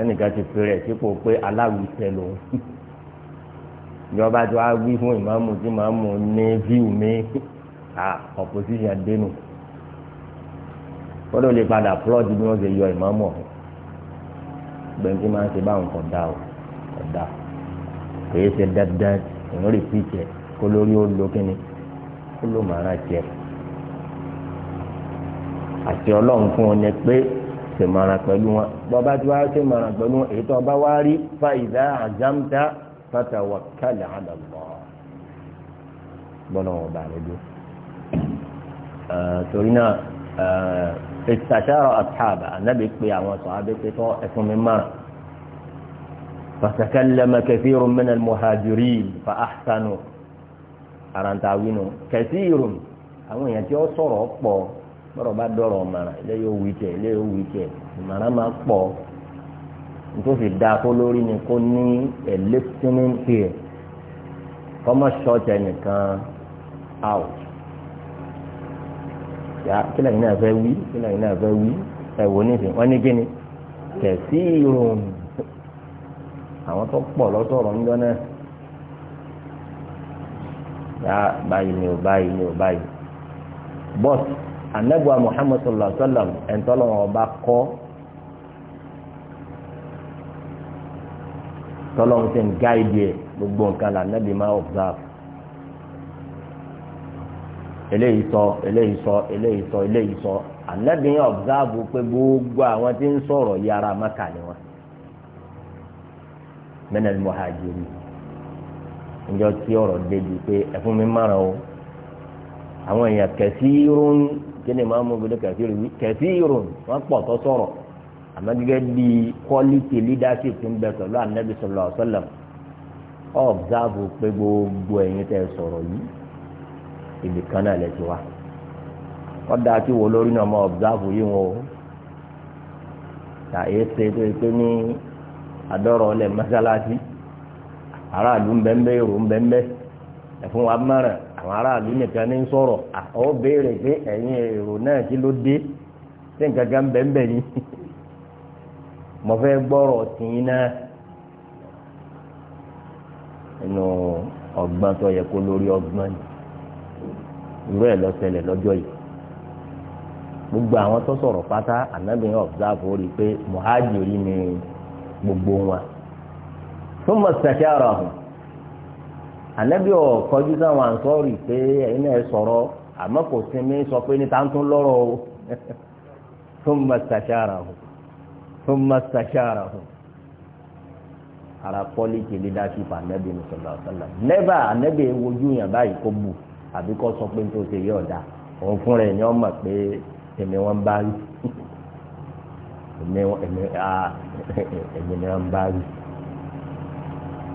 ẹnìkan ti fi rẹ̀ sípò pé aláwùsẹ̀ lòun ìjọba tó wá wí fún ìmáàmù tí ìmáàmù ní fíìmù mi opposition dénú kódò lè padà flood, bí wọ́n ṣe yọ ìmáàmù ọ̀hún gbẹ̀ǹtì máa ń ṣe báwọn kọ̀ dá o kọ̀ dá kìí ṣe dandan ìwọ́n lè fi jẹ kó lórí ó lo kíni kó ló máa ń jẹ àti ọlọ́run fún ọ ní pé. sèmara pẹ̀lú wọn bọ́ba tí wàá sèmara pẹ̀lú wọn ètò ọba wá rí fa ìdá àzámta fatawakkal ala Allah bọ́lá wọn bá rẹ dé. torí náà ìtàṣàrọ̀ àtàbà anábì pé àwọn sàhábẹ́ pé tó ẹ̀fún mi mara. فتكلم كثير من المهاجرين فأحسنوا àràǹtàwínú وينو كثير àwọn èèyàn tí ó sọ̀rọ̀ pọ̀ bọ́rọ̀ bá dọ̀rọ̀ ọ̀màrà ilé yóò wí tẹ̀ ilé yóò wí tẹ̀ ọ̀màrà máa pọ̀ nítòsí da kó lórí ni kó ní a listening ear kọ́mọ ṣọ́ọ̀tì ẹnìkan out yà kí lẹ́yìn náà fẹ́ wí kí lẹ́yìn náà fẹ́ wí ẹ̀ wò nísìn wọ́n ní kíni kẹ̀sí irun àwọn tó pọ̀ lọ́sọ̀rọ̀ ńjọ́ náà yà báyìí ni ò báyìí ni ò báyìí bọ́ọ̀sì. anabuwa muhammad sallallahu alaihi wa sallam ọba kọ́ tọ́lọ́wọ́n ti ń gáìdì gbogbo nǹkan là anabi máa observe eléyìí sọ eléyìí sọ eléyìí sọ eléyìí sọ anabi observe pé gbogbo àwọn tí ń sọ̀rọ̀ yàrá maka ni wọn mẹ́nẹ̀lì muhajiri ǹjọ́ tí ọ̀rọ̀ débi pé ẹ̀fún mi márùn-ún àwọn èèyàn kí ni màá mú gbẹdẹ kẹfìrì wí kẹfìrì wọn pọ̀ tó sọ̀rọ̀ àmọ́ gẹ́gẹ́ bí quality leadership ń bẹ pẹ̀lú anabi sọlọ ọsọlọ ọ observe pé gbogbo ẹ̀yin tẹ́ sọ̀rọ̀ yìí ibì kan náà lẹ ti wá ọdọ àti wo lórí náà mọ observe yìí wọn o ta èyí ṣe tó pé ní adọrọ lẹ mọ́sálásí aráàlú ń bẹ ń bẹ èrò ń bẹ ń bẹ ẹfún wa mọràn. àwọn aráàlú nìkan ní sọ̀rọ̀ àwọn béèrè pé ẹ̀yìn èrò náà kí ló dé tí nǹkan kan bẹ́ẹ̀ bẹ́ẹ̀ ni mo fẹ́ gbọ́rọ̀ tìyín náà nínú ọgbọ́n tó yẹ kó lórí ọgbọ́n irú ẹ̀ lọ́jọ́ gbogbo àwọn tó sọ̀rọ̀ pátá rí i pé ni gbogbo wọn ànábì ọ̀ kọjú sáwọn àǹsọ́ọ̀rì pé ẹ̀yin náà sọ̀rọ̀ àmọ́ kò sinmi sọ pé níta ń tún lọ́rọ̀ o *laughs* thumma istasharahu thumma istasharahu ara pọ́lìkì leadership ànábì sallallahu alaihi wasallam never ànábì wojú yàn báyìí kó bù àbí kó sọ pé nítorí ṣe yé ọ̀dà òun fún rẹ̀ ni mọ̀ pé èmi wọn bá rí *laughs* ah, *laughs* èmi ni bá rí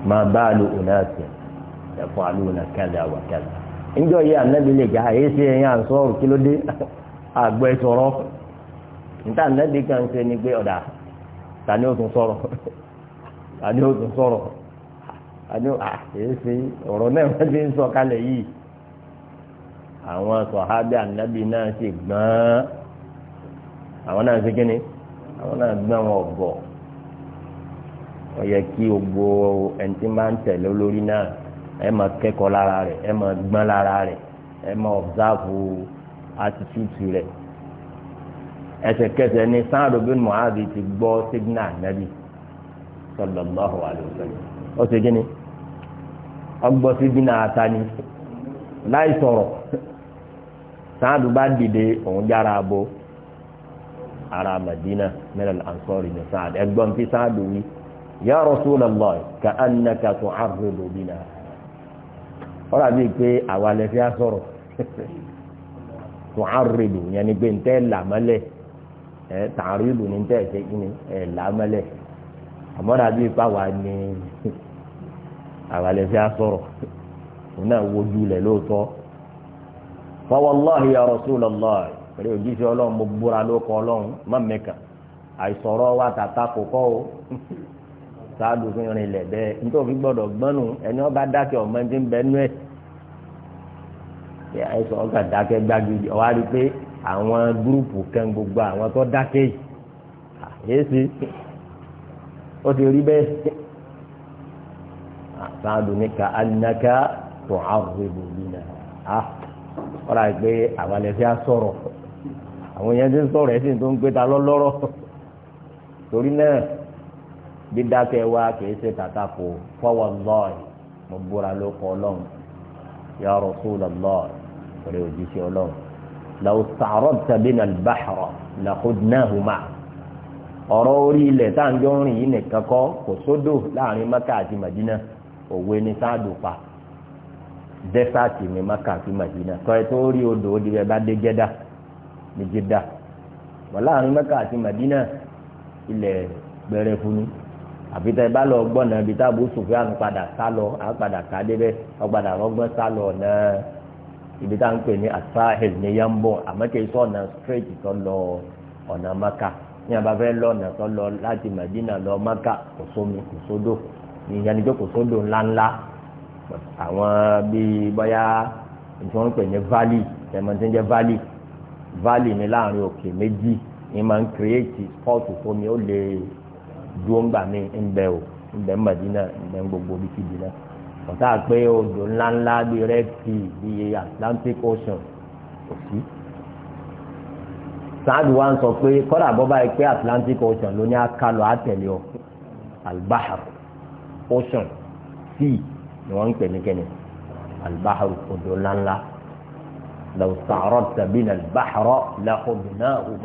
máa bá a lo òun náà sẹ́yìn. yafaluna kaza wa kaza njọ yìí anabi lè jà àyè sí ẹyin ànsọ́rù kí ló dé *laughs* sọ̀rọ̀ níta anabi kan ṣe ni pé ọ̀dà tani o tún sọ̀rọ̀ tani ó tún sọ̀rọ̀ tani àyè sí ọ̀rọ̀ náà wọ́n ti ń sọ kalẹ̀ yìí àwọn sọ̀hábì anabi náà sì gbọ́n àwọn náà ṣe kíni àwọn náà gbọ́n wọn bọ̀ ọ yẹ kí gbogbo ẹni tí máa ń tẹ̀lé olórí náà. ẹ máa kẹ́kọ̀ọ́ lára rẹ̀ ẹ máa gbọ́n lára rẹ̀ ẹ máa ọ̀bùsáàfù átitúùtù rẹ̀ ẹsẹ̀kẹsẹ̀ ni Sa'd bin Mu'adh ti gbọ́ sígínà nàbì sallallahu alaihi wasallam ó ṣe kí ni ọgbọ́ sígínà àtàní láì sọ̀rọ̀ Sa'd bá dìde òun yára bo ara Madina minal ansori ní Sa'd ẹgbọ́n tí Sa'd wí ya Rasulullah ka'annaka tu'arridu bina ọ̀rọ̀ àbí pé àwa lè fi á sọ̀rọ̀ tó á rèlù yẹn ni pé ntẹ́ làmọ́lẹ̀ ẹ̀ tààrí ìlú ni ntẹ́ ṣe kí ni ẹ̀ làmọ́lẹ̀ àmọ́ àbí pé àwa ni àwa lè fi á sọ̀rọ̀ òun náà wojú lẹ̀ lóòótọ́ fa wallahi ya Rasulullah pẹ̀lú òjíṣẹ́ ọlọ́run mo búra ló kọ ọlọ́run má mẹ́ka àìsọ̀rọ̀ wa tàta kọ́ o sáàdù fi rìn lẹ̀ bẹ́ẹ̀ nítorí gbọ́dọ̀ gbọ́nù ẹni ọba dákẹ́ ọmọ tí ń bẹ nú ẹ̀ ẹ sọ ọkà dákẹ́ gbágidi ọwọ́ á rí pé àwọn gúrùpù kan gbogbo àwọn tó dákẹ́ yìí àyèsí ó ti rí bẹ́ẹ̀ sáàdù ní ka alinaka tó àrùbẹ̀bẹ̀ nínà á ọ̀rọ̀ àgbẹ̀ àwọn ẹlẹ́sìn á àwọn yẹn ti ń sọ̀rọ̀ tó ń gbé ta lọ́lọ́rọ̀ torí náà dídákẹ́ wa kìí ṣe tàtàkù fawallahi mo búra ló kọ́ ọlọ́run ya Rasulullah rẹ̀ òjíṣẹ́ ọlọ́run law sta'radta bina al-bahra lakhudnahu ma'a ọ̀rọ̀ orí ilẹ̀ tá à ń jọ rìn yìí nìkan kọ́ kò sódò láàrin maka àti madina òwe ni sáàdù pa dẹ́sáàtì ni maka àti madina tọ́yẹ tó rí odò ó bẹ́ẹ̀ bá dé jẹ́dá ní jẹ́dá wọ́n láàrin maka àti madina ilẹ̀ gbẹrẹfu ni àfi tẹ bá lọ gbọ́nà ibi tá Abu Sufyan padà sá lọ àpadà ká débẹ̀ ọgbàdà rọgbọ́n sá lọ náà ibi tá à ń pè ní asahel ní yambo àmọ́ sọ ọ̀nà straight tó lọ ọ̀nà maka ní abafẹ́ lọ́nà tó lọ láti Madina lọ maka kò sómi kò sódò ìyẹnì tó kò sódò ńláńlá àwọn bíi bóyá nǹkan pè ní valley tẹ̀mọ̀tẹ́ jẹ́ valley valley ní láàrin òkè méjì ní máa ń create spot fún mi ó lè dúró ńgbà mí ń bẹ o ń bẹ Mẹdínà ń bẹ gbogbo bí ti dìnnà ọ̀tá pé odò ńláńlá bíi Red Sea bíi Atlantic Ocean kò sí. sáàdù wa ń sọ pé kọ́dà bọ́ báyìí pé Atlantic Ocean ló ní akálọ̀ àtẹ̀lé ọ albahar ocean sea ni wọ́n ń pè ní kẹ́ni albahar odò ńláńlá lọ́wọ́ sàárọ̀ tàbí nà albahar làkọ̀bìnà